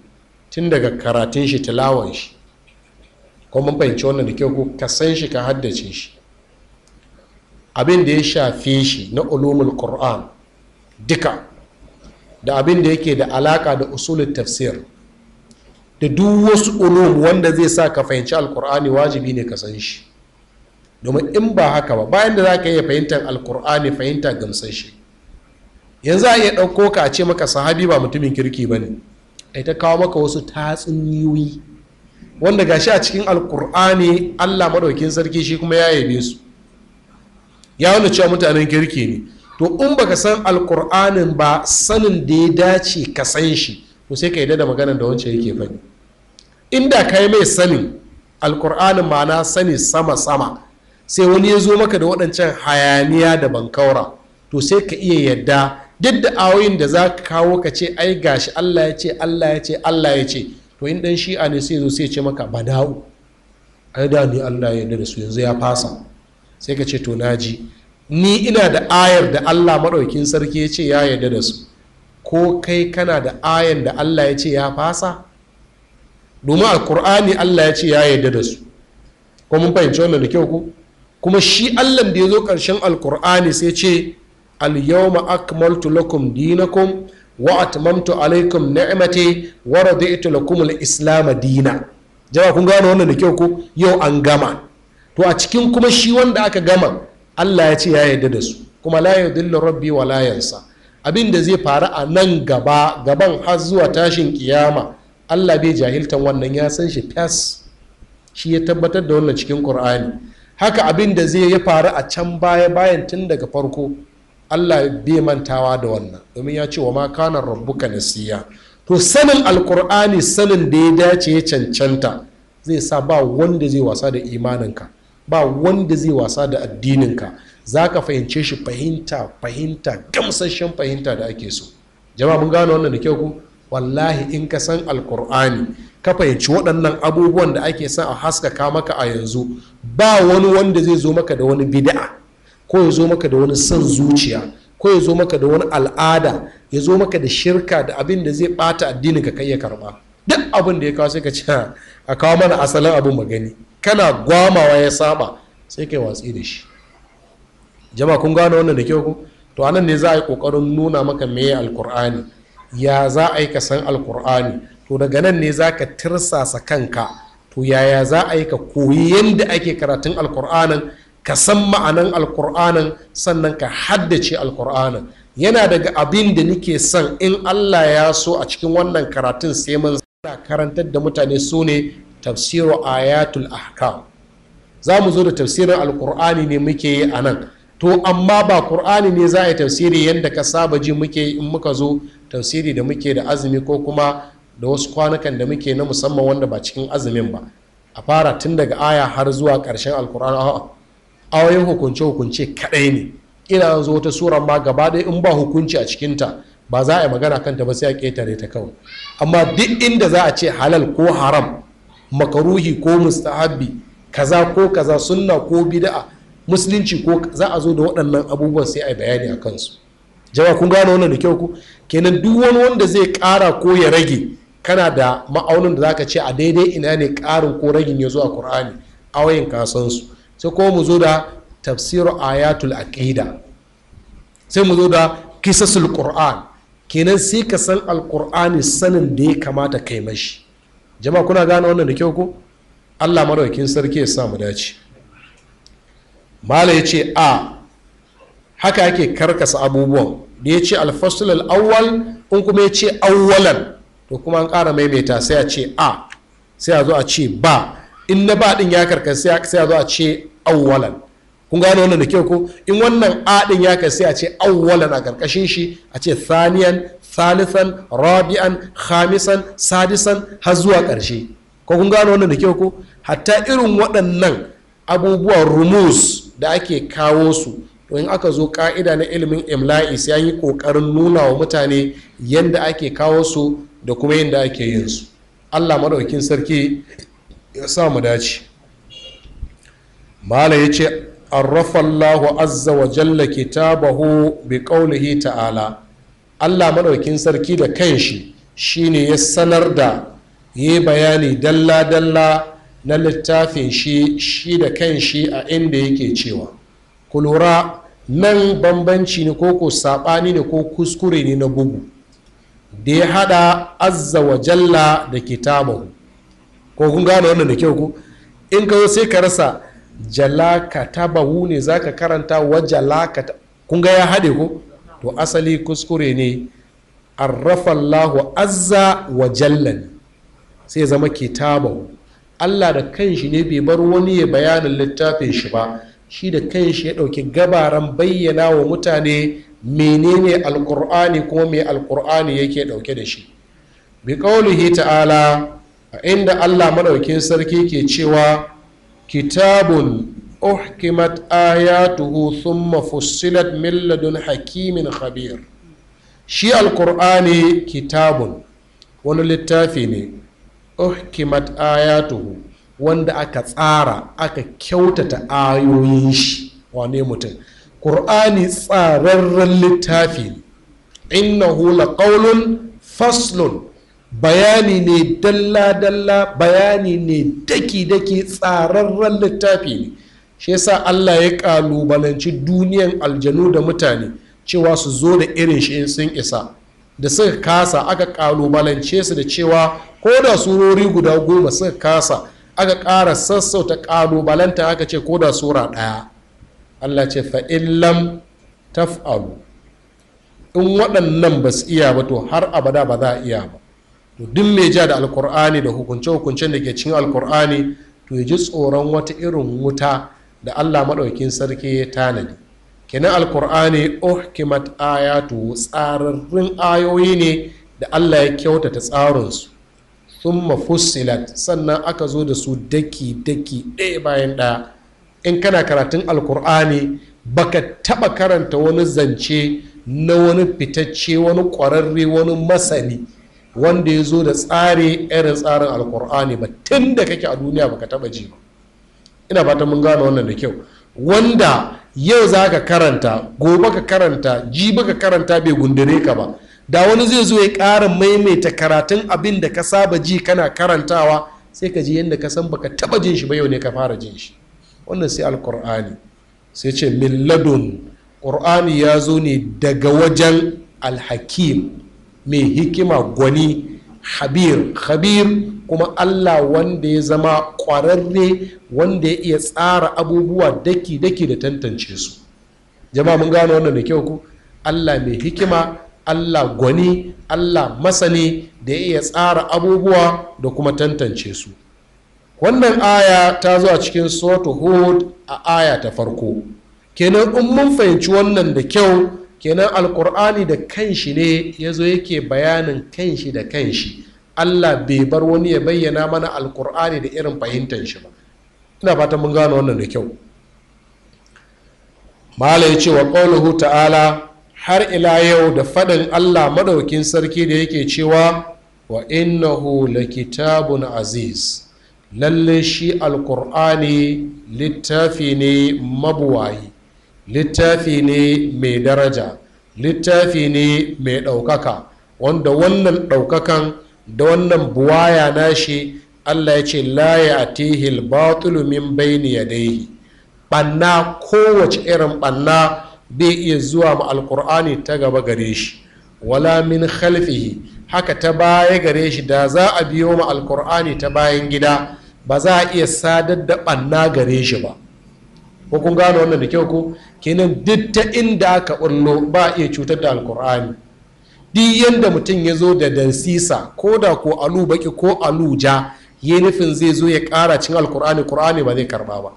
Speaker 1: tun daga karatun shi tilawan shi kuma mun fahimci wannan da kyau ko ka san shi ka haddace shi abin da ya shafe shi na ulumul qur'an duka da abin da yake da alaka da usulul tafsir da duk wasu ulum wanda zai sa ka fahimci alkur'ani wajibi ne ka san shi domin in ba haka ba bayan da za ka iya fahimtar alkur'ani fahimta shi. yanzu a iya ɗauko ka a ce maka sahabi ba mutumin kirki ba ne a ta kawo maka wasu tatsuniyoyi wanda gashi a cikin alkur'ani allah maɗaukin sarki shi kuma ya yabe su ya wani cewa mutanen kirki ne to in baka san alkur'anin ba sanin da ya dace ka san shi to sai ka yi da maganar da wancan yake faɗi inda ka yi mai sanin alkur'anin ma'ana sani sama sama sai wani ya zo maka da waɗancan hayaniya da bankaura to sai ka iya yadda duk da awoyin da za ka kawo ka ce ai gashi Allah ya ce Allah ya ce Allah ya ce to in dan shi'a ne sai zo sai ce maka bada'u ai da ni Allah ya yarda da su yanzu ya fasa sai ka ce to naji ni ina da ayar da Allah maɗaukin sarki ya ce ya yarda da su ko kai kana da ayar da Allah ya ce ya fasa domin a Allah ya ce ya yarda da su ko mun fahimci wannan da kyau ko kuma shi allah da ya zo ƙarshen alkur'ani sai ce al-yawma akmaltu lakum dinakum wa atmamtu alaikum ni'mati wa raditu lakum al-islam dina jama'a kun gano wannan da kyau ko yau an gama to a cikin kuma shi wanda aka gama Allah ya ce ya yarda da su kuma la yudillu rabbi wa la yansa abin da zai faru a nan gaba gaban har zuwa tashin kiyama Allah bai jahiltan wannan ya san shi fas shi ya tabbatar da wannan cikin Qur'ani haka abin da zai ya faru a can baya bayan tun daga farko allah bai mantawa da wannan domin ya ce wa ma rabbuka nasiya to sanin alkur'ani sanin da ya dace ya cancanta zai sa ba wanda zai wasa da imaninka ba wanda zai wasa da addininka za ka fahimce shi fahimta fahimta gamsashen fahimta da ake so jama'a mun gane wannan da kyau ku wallahi in ka san alkur'ani ka fahimci waɗannan abubuwan da ake son a haskaka maka a yanzu ba wani wanda zai zo maka da wani bida'a ko ya zo maka da wani son zuciya ko ya zo maka da wani al'ada ya zo maka da shirka da abin da zai ɓata addinin ka kai ya karba duk abin da ya kawo sai ka ce a kawo mana asalin abin magani kana gwamawa ya saba sai kai watsi da shi jama'a kun gane wannan da kyau ku to anan ne za a yi kokarin nuna maka meye alkur'ani ya za a yi ka san alkur'ani to daga nan ne za ka tirsasa kanka to yaya za a yi ka koyi yadda ake karatun alkur'anin ka san ma'anan alkur'anin sannan ka haddace alkur'anin yana daga abin da nike son in allah ya so a cikin wannan karatun sai mun karantar da mutane su ne tafsiru ayatul ahkam za mu zo da tafsirin alkur'ani ne muke yi a nan to amma ba kur'ani ne za a yi tafsiri yadda ka saba ji muke in muka zo tafsiri da muke da azumi ko kuma da wasu kwanukan da muke na musamman wanda ba cikin azumin ba a fara tun daga aya har zuwa ƙarshen alkur'an awayin hukunce hukunce kaɗai ne ina zo wata sura ma gaba ɗaya in ba hukunci a cikinta ba za a yi magana kanta ba sai a ƙetare ta kawai amma duk inda za a ce halal ko haram makaruhi ko mustahabbi kaza ko kaza sunna ko bida'a, musulunci ko za a zo da waɗannan abubuwan sai a bayani a kansu jama kun gane wannan da kyau ku kenan duk wani wanda zai ƙara ko ya rage kana da ma'aunin da zaka ce a daidai ina ne ƙarin ko ragin ya zo a ƙur'ani awayin kasansu sai ko mu zo da tafsiru ayatul aqida sai mu zo da kisasul qur'an kenan sai ka san alqur'ani sanin da ya kamata kai mashi jama'a kuna gane wannan da kyau ko Allah madaukakin sarki ya sa mu dace mala yace a haka yake karkasa abubuwan da yace al-fasl al-awwal in kuma yace awwalan to kuma an kara maimaita sai a ce a sai a zo a ce ba in na ba ɗin ya karkar sai a zo a ce awwalan kun gano wannan da kyau ko in wannan a ɗin ya karkar sai a ce awwalan a karkashin shi a ce thaniyan thalithan rabi'an khamisan sadisan har zuwa karshe ko kun gano wannan da kyau ko hatta irin waɗannan abubuwan rumus da ake kawo su to in aka zo ka'ida na ilimin imla'i sai an yi ƙoƙarin nuna wa mutane yadda ake kawo su da kuma yadda ake yin su allah maɗaukin sarki ya sa mu dace mala ya ce arrafallahu azza wa jalla kitabahu bi qawlihi ta'ala allah maɗaukin sarki da kanshi shine ya sanar da yi bayani dalla-dalla na littafin shi shi da kanshi a inda yake cewa ku lura nan bambanci ne ko ko saɓani ne ko kuskure ne na bugu da ya hada azza wa jalla da kitabahu ko kun gane wannan da kyau ku in ka zo sai ka rasa jala katabahu ne ka karanta wa jala kun ga ya hade ko to asali kuskure ne arrafallahu azza wa jalla sai zama kitabahu Allah da kanshi ne bai bar wani ya bayanin littafin shi ba shi da kanshi ya ɗauki gabaran bayyana wa mutane menene alkur'ani ko me alkur'ani yake dauke da shi bi kaulihi ta'ala a inda Allah madaukin sarki ke cewa kitabun uhkimat ayatuhu thumma fussilat min ladun hakimin khabir shi alkur'ani kitabun wani littafi ne uhkimat ayatuhu wanda aka tsara aka kyautata ayoyin shi wane mutum ƙur'ani tsararren littafi Inna innahu laqawlun faslun bayani ne dalla-dalla bayani ne daki-daki tsararren littafi ne shi yasa allah ya kalubalanci duniyan aljanu da mutane cewa su zo da irin shi sun isa da suka kasa aka kalubalance su da cewa ko da surori guda goma suka kasa aka ƙara sassauta ƙalubalanta aka ce ko da sura ɗaya allah ce fa'illam taf'alu in waɗannan ba su iya ba to har abada ba za a iya ba to duk mai ja da alkur'ani da hukunce-hukuncen da ke cikin alkur'ani to ya ji tsoron wata irin wuta da allah maɗaukin sarki ya tanadi kenan alkur'ani uhkimat ayatu tsararrun ayoyi ne da allah ya kyautata tsarinsu sun fussilat sannan aka zo da su daki-daki ɗaya bayan ɗaya in kana karatun alkur'ani baka taba karanta wani zance na wani fitacce wani ƙwararre wani masani wanda ya zo da tsari irin tsarin alkur'ani ba tun da kake a duniya baka taba ji ba ina fatan mun gane wannan da kyau wanda yau za ka karanta gobe ka karanta ba ka karanta bai gundure ka ba da wani zai zo ya ƙara maimaita karatun abin da ka saba ji kana karantawa sai ka ji yadda ka san baka taba jin shi ba yau ne ka fara jin shi wannan sai alkur'ani sai ce milladun ƙur'ani ya zo ne daga wajen alhakim mai hikima gwani habir habir kuma allah wanda ya zama ƙwararre wanda ya iya tsara abubuwa daki-daki da tantance su jama'a mun gano wannan da kyau ku allah mai hikima allah gwani allah masani da ya iya tsara abubuwa da kuma tantance su wannan aya ta zo a cikin suratu hud a aya ta farko kenan in mun fahimci wannan da kyau kenan alkur'ani da kanshi ne ya zo yake bayanin kanshi da kanshi allah bai bar wani ya bayyana mana alkur'ani da irin fahimtar shi ba ina fatan mun gano wannan da kyau mala ya ce wa ƙaunuhu ta'ala har ila yau da faɗin allah maɗaukin sarki da yake cewa wa innahu lakitabun aziz lalle shi alkur'ani littafi ne mabuwayi littafi ne mai daraja littafi ne mai ɗaukaka wanda wannan ɗaukakan da wannan buwaya na shi, allah ya ce laye a tihil batulu min ya daihi ɓanna kowace irin ɓanna bai iya zuwa ma alkur'ani ta gaba gare shi wala min khalfihi haka ta baya gare shi da za a biyo ma alkur'ani ta bayan gida ba za a iya sadar da ɓanna gare shi ba ko gano wannan da kyau ko kenan duk ta inda aka ɓullo ba a iya cutar da alkur'ani duk yadda mutum ya zo da dansisa ko da ko alu baki ko alu ja ya nufin zai zo ya ƙara cin alkur'ani kur'ani ba zai karba ba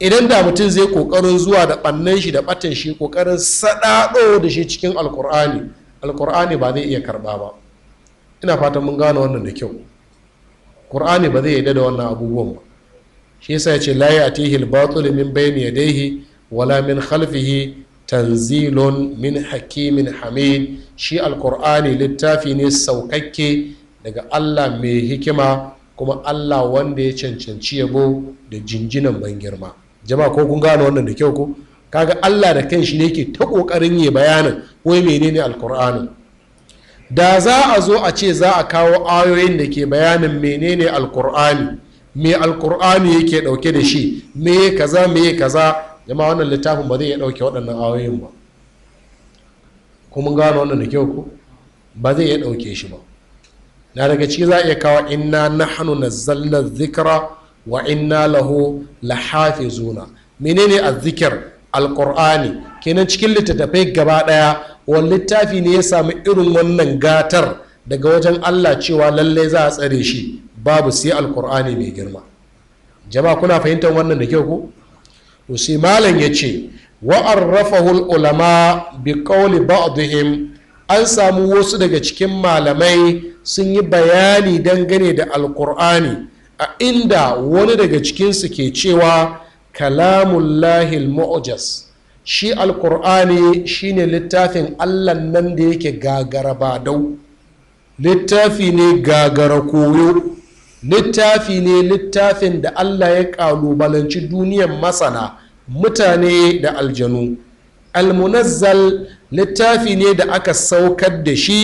Speaker 1: idan da mutum zai ƙoƙarin zuwa da ɓannan shi da ɓatan shi ƙoƙarin saɗaɗo da shi cikin alkur'ani alkur'ani ba zai iya karba ba ina fatan mun gano wannan da kyau qur'ani ba zai yi da wannan abubuwan ba shi yasa ya ce layi a al-batil min bayni yadayhi wala min khalfihi tanzilon, min hakimin hamid shi alkur'ani littafi ne saukakke daga allah mai hikima kuma allah wanda ya cancanci yabo da jinjinan ban girma Jama ko kun gane wannan da kyau ko kaga allah da kanshi ne ke ta kokarin yi bayanin wai menene alkur'anin da za a zo a ce za a kawo ayoyin da ke bayanin menene alkur'ani me alkur'ani yake dauke da shi me kaza me kaza jama wannan littafin ba zai iya dauke waɗannan ayoyin ba kuma gano wannan da kyau ko ba zai iya dauke shi ba na daga ciki za a iya kawo inna nahnu nazzalna dhikra wa inna lahu lahafizuna menene azzikr alkur'ani kenan cikin littattafai gaba daya wani littafi ne ya sami irin wannan gatar daga wajen allah cewa lalle za a tsare shi babu sai alkur'ani mai girma jama'a kuna fahimtar wannan da kyau ku? usi malam ya ce wa'arrafahul ulama bi qawli ba'dihim an samu wasu daga cikin malamai sun yi bayani dangane da alkur'ani a inda wani daga cikinsu ke cewa kalamullahil mu'jas shi alkur'ani shine littafin allan nan da yake gagara badau littafi ne gagara koyo littafi ne littafin da allah ya kalubalanci duniyan masana mutane da aljanu almunazzal littafi ne da aka saukar da shi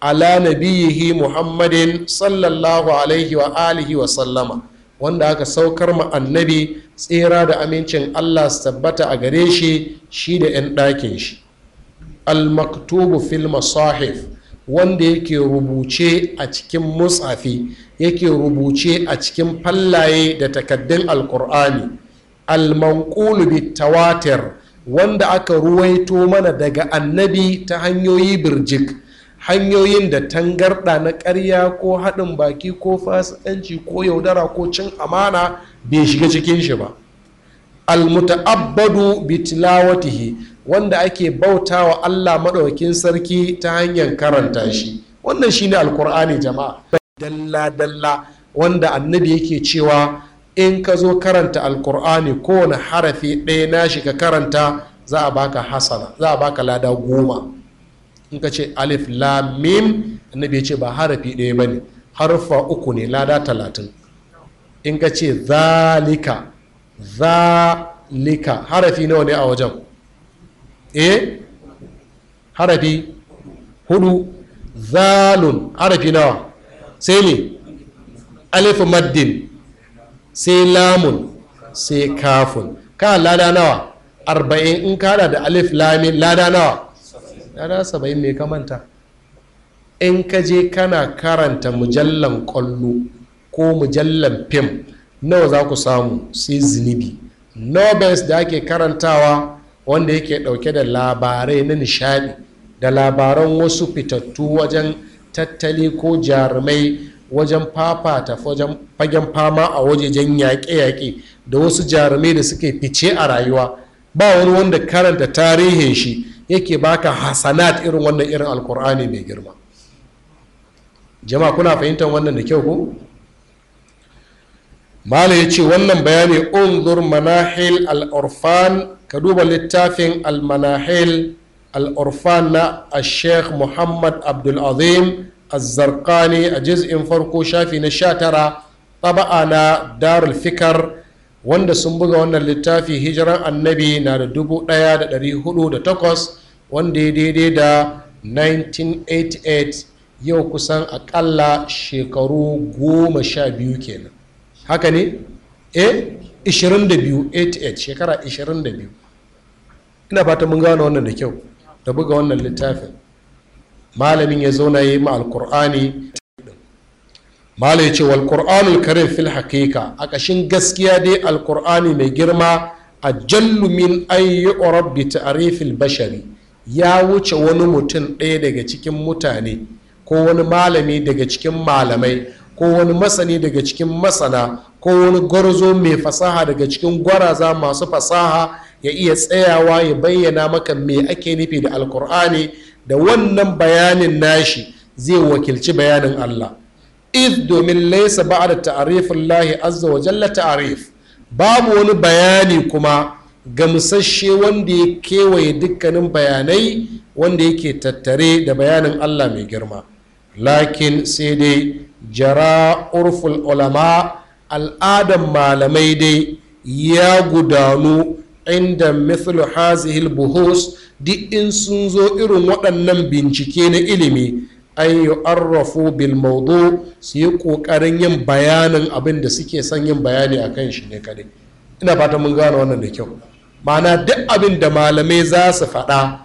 Speaker 1: ala nabiyihi muhammadin sallallahu alaihi wa alihi wa sallama wanda aka saukar ma annabi tsira da amincin allah su tabbata a gare shi shi da 'yan ɗakin shi al-maktubu fil masahif wanda yake rubuce a cikin musafi yake rubuce a cikin fallaye da takaddun alkur'ani bi bitawatir wanda aka ruwaito mana daga annabi ta hanyoyi birjik hanyoyin da tangarɗa na ƙarya ko haɗin baki ko fasikanci ko yaudara ko cin amana bai shiga cikin shi ba almuta'abbadu bi tilawatihi wanda ake bauta wa Allah maɗaukin sarki ta hanyar karanta shi wannan shine alkur'ani jama'a dalla dalla wanda annabi yake cewa in ka zo karanta alkur'ani kowane harafi ɗaya na shi ka karanta za a baka hasana za a baka lada goma in ka ce alif lam mim annabi ya ce ba harafi ɗaya ba ne harfa uku ne lada talatin in ka ce zalika zalika harafi nawa ne a wajen eh harafi hudu zalun harafi nawa sai ne alif maddin sai lamun sai kafun ka lada nawa arba'in in kada da alif lamin lada nawa yana saba'in mai kamanta. in ka je kana karanta mujallan kwallo ko mujallan fim nawa za ku samu sai zunubi nobels da ake karantawa wanda yake ɗauke da labarai na nishaɗi, da labaran wasu fitattu wajen tattali ko jarumai wajen fafata fagen fama a wajejen yaƙe-yaƙe da wasu jarumai da suke fice a rayuwa ba wani wanda karanta tarihin shi yake baka hasanat irin wannan irin alkur'ani mai girma jama'a kuna fahimtar wannan da kyau ko mala ya ce wannan bayani unzur manahil al'urfan ka duba littafin al-manahil al'urfan na a sheikh muhammad abdulazim azzarkani a jiz'in farko shafi na sha tara taba'a na darul fikar wanda sun buga wannan littafi hijiran annabi na da dubu ɗaya da da ɗari takwas wanda ya daidai da 1988 yau kusan akalla shekaru goma sha biyu kenan haka ne eh, a 22 shekara 22 ina fata mun gano wannan da kyau da buga wannan littafin malamin ya zauna ya yi ma alkur'ani malai ce wal qur'anul karim fil haqiqa a ƙashin gaskiya dai qur'ani mai girma a jallu min an rabbi ta'rifil bashari ya wuce wani mutum ɗaya daga cikin mutane ko wani malami daga cikin malamai ko wani masani daga cikin masana ko wani gwarzo mai fasaha daga cikin gwaraza masu fasaha ya iya tsayawa ya bayyana maka me ake nufi da alkur'ani da wannan bayanin nashi zai wakilci bayanin allah id domin laisa ba da ta'arifin lahi azza wa jalla ta'arif babu wani bayani kuma gamsashe wanda ya kewaye dukkanin bayanai wanda yake tattare da bayanin allah mai girma lakin sai dai jara urful ulama al'adan malamai dai ya gudanu inda mithlu hazihil buhus duk in sun zo irin waɗannan bincike na ilimi an arrafu bil maudu su yi kokarin yin bayanin abin da suke son yin bayani a kan shi ne kadai ina fata mun gane wannan da kyau ma'ana duk abin da malamai za su faɗa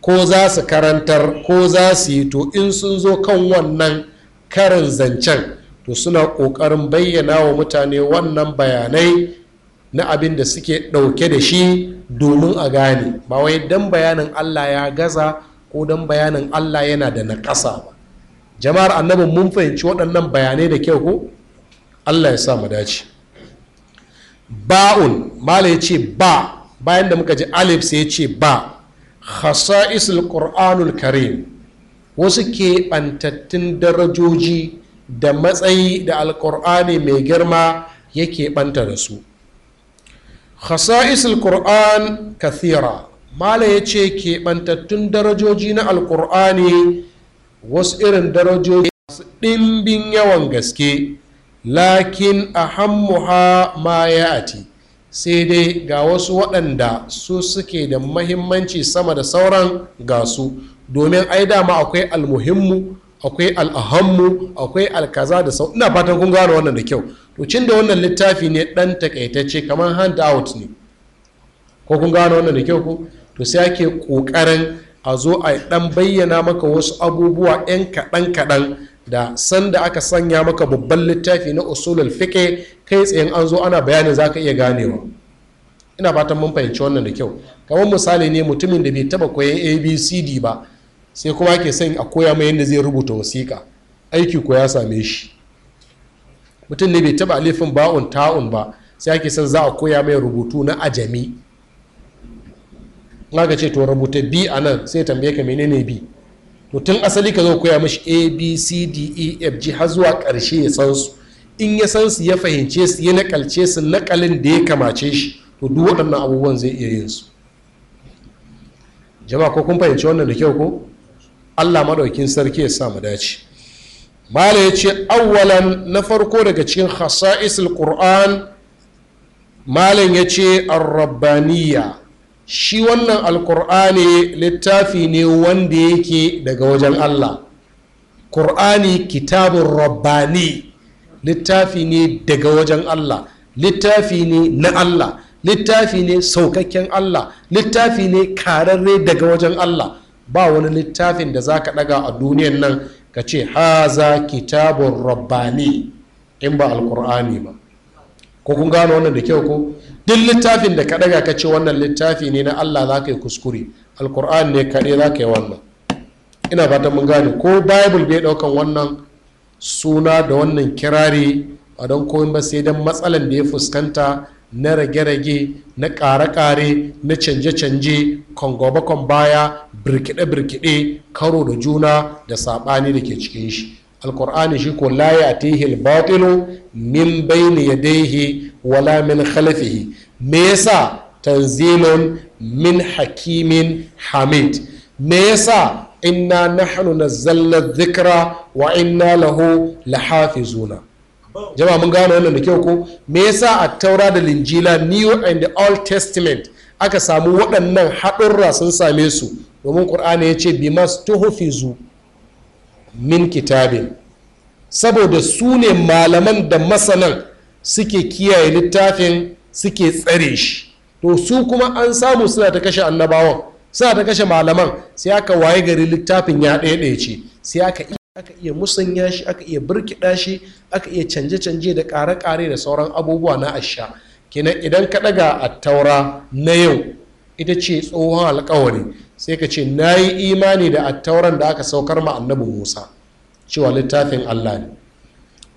Speaker 1: ko za su karantar ko za su yi to in sun zo kan wannan karin zancen to suna ƙoƙarin bayyana wa mutane wannan bayanai na abin da suke ɗauke da shi domin a gane ba wai dan bayanin allah ya gaza ko don bayanin allah yana da naƙasa ba jama'ar annabin mun fahimci waɗannan bayanai da kyau ko allah ya sa mu dace ba'un mala ya ce ba bayan da muka ji alif sai ya ce ba khasa'isul qur'anul karim wasu ke keɓantattun darajoji da matsayi da alƙur'ani mai girma yake ɓanta da su khasa'isul qur'an kathira mala ya ce keɓantattun darajoji na alƙur'ani wasu irin darajoji masu ɗimbin yawan gaske lakin a hammuha ma ya ati sai dai ga wasu waɗanda su suke da mahimmanci sama da sauran ga su domin ai dama akwai almuhimmu akwai al'ahammu akwai alkaza da sau ina fatan kun gano wannan da kyau to cin da wannan littafi ne ɗan takaitacce kamar hand out ne ko kun gano wannan da kyau ko to sai ake ƙoƙarin a zo a ɗan bayyana maka wasu abubuwa 'yan kaɗan-kaɗan da sanda aka sanya maka babban littafi na usulul fiqh kai tsayen an zo ana bayani za ka iya ganewa ina fatan mun fahimci wannan da kyau kamar misali ne mutumin da bai taba koyan abcd ba sai kuma ake son a koya mai yadda zai rubuta wasiƙa aiki ko ya same shi mutum ne bai taba alifin ba'un ta'un ba sai ake son za a koya mai rubutu na ajami aka ce to rubuta b a nan sai tambaye ka menene b to tun asali ka zo koya mashi a b c d e f g har zuwa karshe ya san su in ya san su ya fahimce su ya nakalce su nakalin da ya kamace shi to duk waɗannan abubuwan zai iya yin su jama'a ko kun fahimci wannan da kyau ko allah maɗaukin sarki ya sa mu dace mala ya ce awwalan na farko daga cikin khasa'isul qur'an malam ya ce arrabbaniya shi wannan alkur'ani littafi ne wanda yake daga wajen allah ƙur'ani kitabun rabbani littafi ne daga wajen allah littafi ne na allah littafi ne saukakken allah littafi ne kararre daga wajen allah ba wani littafin da za ka ɗaga a duniyan nan ka ce haza kitabun rabbani in ba alkur'ani ba ko kun gano wannan da kyau ko duk littafin da ka daga ka ce wannan littafi ne na Allah za ka yi kuskure alkur'an ne kaɗai za ka yi wannan ina fatan mun gane ko bible bai ɗaukan wannan suna da wannan kirari a don koyin ba sai don matsalan da ya fuskanta na rage-rage na ƙare-ƙare na canje-canje kan kan baya birkiɗe-birkiɗe karo da juna da saɓani da ke cikin shi alkur'ani shi ko la ya'tihi al-batilu min bayni yadayhi wala min khalfihi me yasa tanzilun min hakimin hamid me yasa inna nahnu nazzalna dhikra wa inna lahu lahafizuna jama'a mun gane wannan da kyau ko me yasa a taura da linjila new and the old testament aka samu waɗannan haɗurra sun same su domin ƙur'ani ya ce bi mastuhufizu min kitabin saboda su ne malaman da masanan suke kiyaye littafin suke tsare shi to su kuma an samu suna ta kashe annabawan suna ta kashe malaman sai aka waye gari littafin ya ɗaya ce sai aka aka iya musanya shi aka iya birkiɗa shi aka iya canje-canje da ƙare-ƙare da sauran abubuwa na asha kenan idan ka ɗaga a taura na yau ita ce tsohon alkawari sai ka ce na yi imani da attauran da aka saukar ma annabi musa cewa littafin allah ne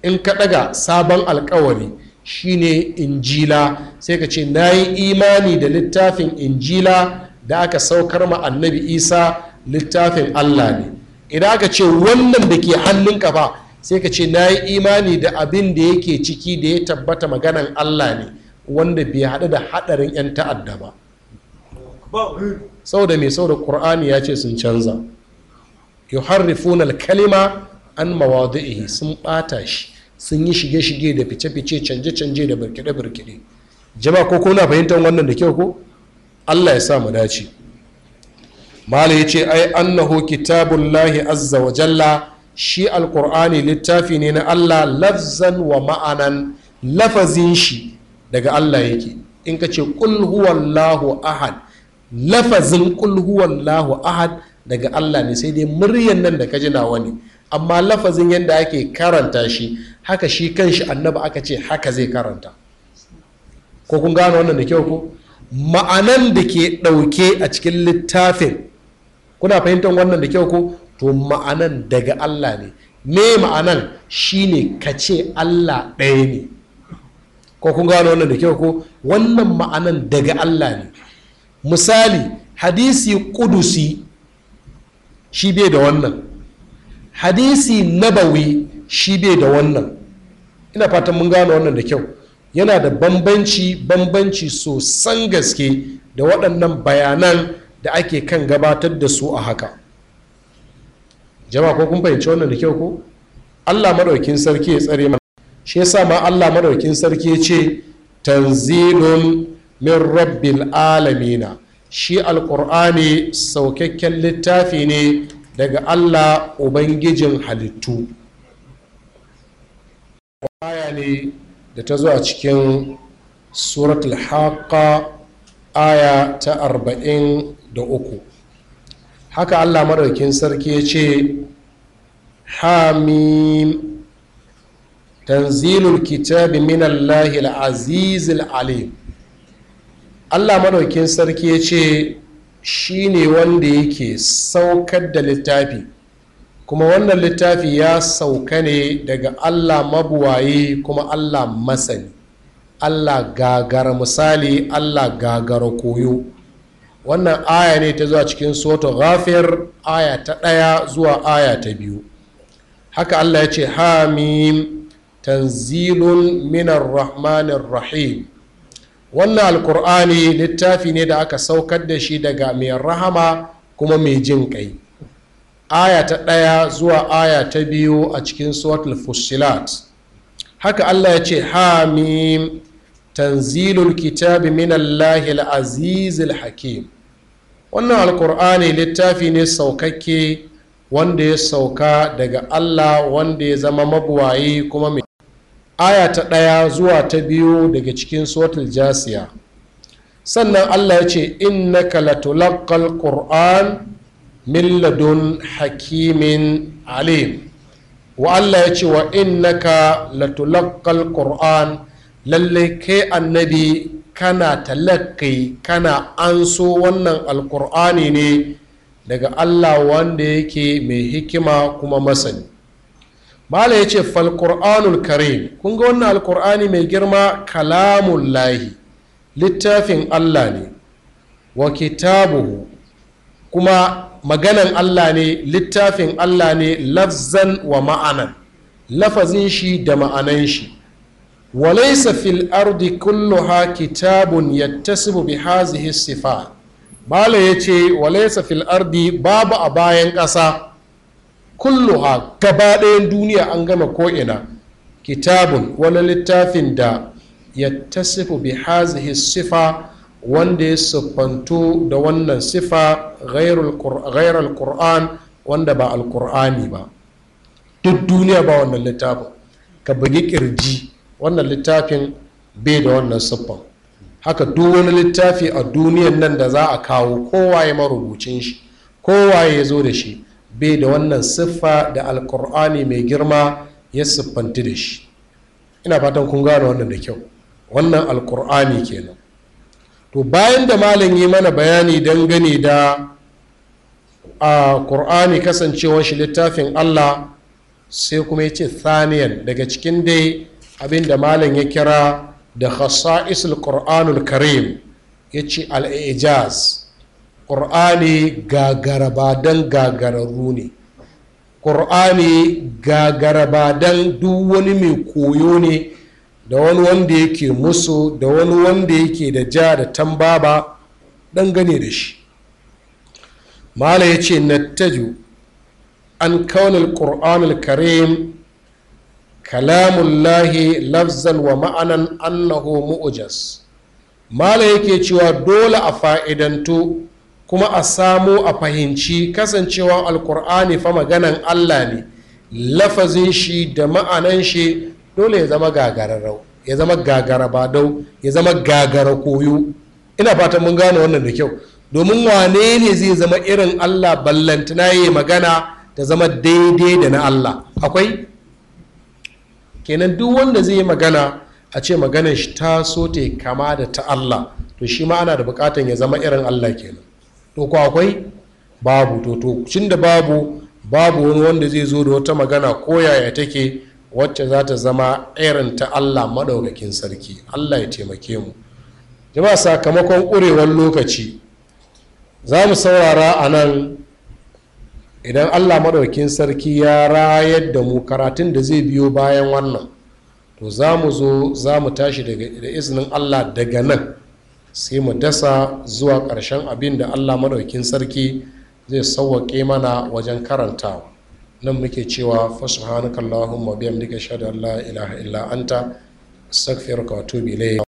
Speaker 1: in ka ɗaga sabon alkawari shine injila sai ka ce na yi imani da littafin injila da aka saukar ma annabi isa littafin allah ne idan aka ce wannan da ke hannun kafa. sai ka ce na yi imani da abin da yake ciki da ya tabbata maganan allah ne wanda bai haɗu da haɗarin 'yan ta'adda ba saboda mai saboda ƙur'ani ya ce sun canza yuharrifuna funar kalima an mawadi'ihi sun ɓata shi sun yi shige-shige da fice-fice canje-canje da birkide-birkide jama ko kuna fahimtar wannan da kyau ko Allah ya sa mu dace mala ya ce ai annahu kitabun lahi azza wa jalla shi alkur'ani littafi ne na allah lafzan wa ma'anan lafazin shi daga allah yake in ka ce kul huwallahu ahad lafazin kulhuwallahu ahad daga Allah ne sai dai muryan nan da ka ji na wani. amma lafazin yadda ake karanta shi haka shi kanshi annaba aka ce haka zai karanta ko kun gano wannan da kyau ko ma'anan da ke ɗauke a cikin littafin kuna fahimtar wannan da kyau ko to ma'anan daga Allah ne me ma'anan shine ka ce Allah ɗaya ne ko kun gano wannan da kyau ko wannan ma'anan daga Allah ne misali hadisi kudusi shi bai da wannan hadisi nabawi shi bai da wannan ina fatan mun gano wannan da kyau yana da bambanci bambanci sosan gaske da waɗannan bayanan da ake kan gabatar da su a haka jama'a ko kun fahimci wannan da kyau ko allah maɗaukin sarki ya tsare mana shi yasa ma allah maɗaukin sarki ya ce tanzilun min rabbil alamina shi alƙur'ani saukakken littafi ne daga allah ubangijin halittu aya ne da ta zo a cikin surat haqqa aya ta arba'in da uku haka allah maɗaukin sarki ya ce hamim tanzilul kitabi minallahi al-azizil alim allah madaukin sarki ya ce shi ne wanda yake saukar da littafi kuma wannan littafi ya sauka ne daga allah mabuwaye kuma allah masani allah gagara misali allah gagara koyo wannan aya ne ta zuwa cikin soto ghafir aya ta ɗaya zuwa aya ta biyu haka allah ya ce hamim tanzilun minar rahmanir rahim wannan alkur'ani littafi ne da aka saukar da shi daga mai rahama kuma mai jin kai aya ta ɗaya zuwa aya ta biyu a cikin suratul fusilat haka allah ya ce hamim tanzilul kitabi min azizil hakim wannan alkur'ani littafi ne saukakke wanda ya sauka daga allah wanda ya zama mabuwayi kuma mai aya ta ɗaya zuwa ta biyu daga cikin suratul jasiya sannan allah ya ce innaka latulaqqal qur'an min ladun hakimin alim wa allah ya ce wa innaka latulaqqal qur'an lalle kai annabi kana talakai kana anso wannan alkur'ani ne daga allah wanda yake mai hikima kuma masani bala ya ce falƙur'anul karim kun ga wannan alƙur'ani mai girma kalamun lahi littafin allah ne wa kitabuhu kuma maganan allah ne littafin allah ne lafzan wa ma'anan lafazin shi da ma'anan shi walaisa fil ardi kulluha kitabun yattasibu bi hazihi sifa bala ya ce walaisa fil ardi babu a bayan ƙasa kulluha gaba ɗayan duniya an gama ko'ina kitabun wani littafin da ya tasifu bi hazihi sifa wanda ya siffanto da wannan sifa gairar qur'an wanda ba alkur'ani ba duk duniya ba wannan littafin ka bugi kirji wannan littafin bai da wannan siffan haka duk wani littafi a duniyan nan da za a kawo kowaye marubucin shi kowaye ya zo da shi bai da wannan siffa da alkur'ani mai girma ya siffanti da shi ina fatan kun gane wannan da kyau wannan alkur'ani kenan to bayan da malam yi mana bayani dangane da a ƙur'ani kasancewar shi littafin allah sai kuma ya ce thaniyan daga cikin dai abin da malam ya kira da khasa'isul kur'anul karim ya ce al-ijaz ƙur'ani gagara don gagararru ne ƙur'ani gagara don duk wani mai koyo ne da wani wanda yake musu da wani wanda yake da ja da tambaba gane da shi mala ya ce nattaju an kaunar Ƙur'an karim lahi lafzal wa ma'anan annahu mu'ujas mala yake cewa dole a fa'idantu kuma a samo a fahimci kasancewa alkur'ani fa maganan allah ne lafazin shi da ma'anan shi dole ya zama gagararau ya zama gagara badau ya zama gagara koyo ina fatan mun gane wannan da kyau domin wane ne zai zama irin allah ballantana ya yi magana ta zama daidai da na allah akwai kenan duk wanda zai yi magana a ce maganar shi ta so ta kama da ta allah to shi ma ana da bukatan ya zama irin allah kenan to ko akwai babu to to cin da babu babu wani wanda zai zo da wata magana ko yaya take wacce za ta zama irin ta Allah maɗaukakin sarki Allah ya taimake mu jama'a sakamakon ƙurewar lokaci za mu saurara a nan idan Allah maɗaukakin sarki ya rayar da mu karatun da zai biyo bayan wannan to za mu zo za mu tashi da izinin Allah daga nan sai mu dasa zuwa ƙarshen abin da allah maɗaukin sarki zai sauwaƙe mana wajen karanta nan muke cewa fasubhanakallahumma bihamdika shahadu an la ilaha illa anta astaghfiruka wa atubu ilayk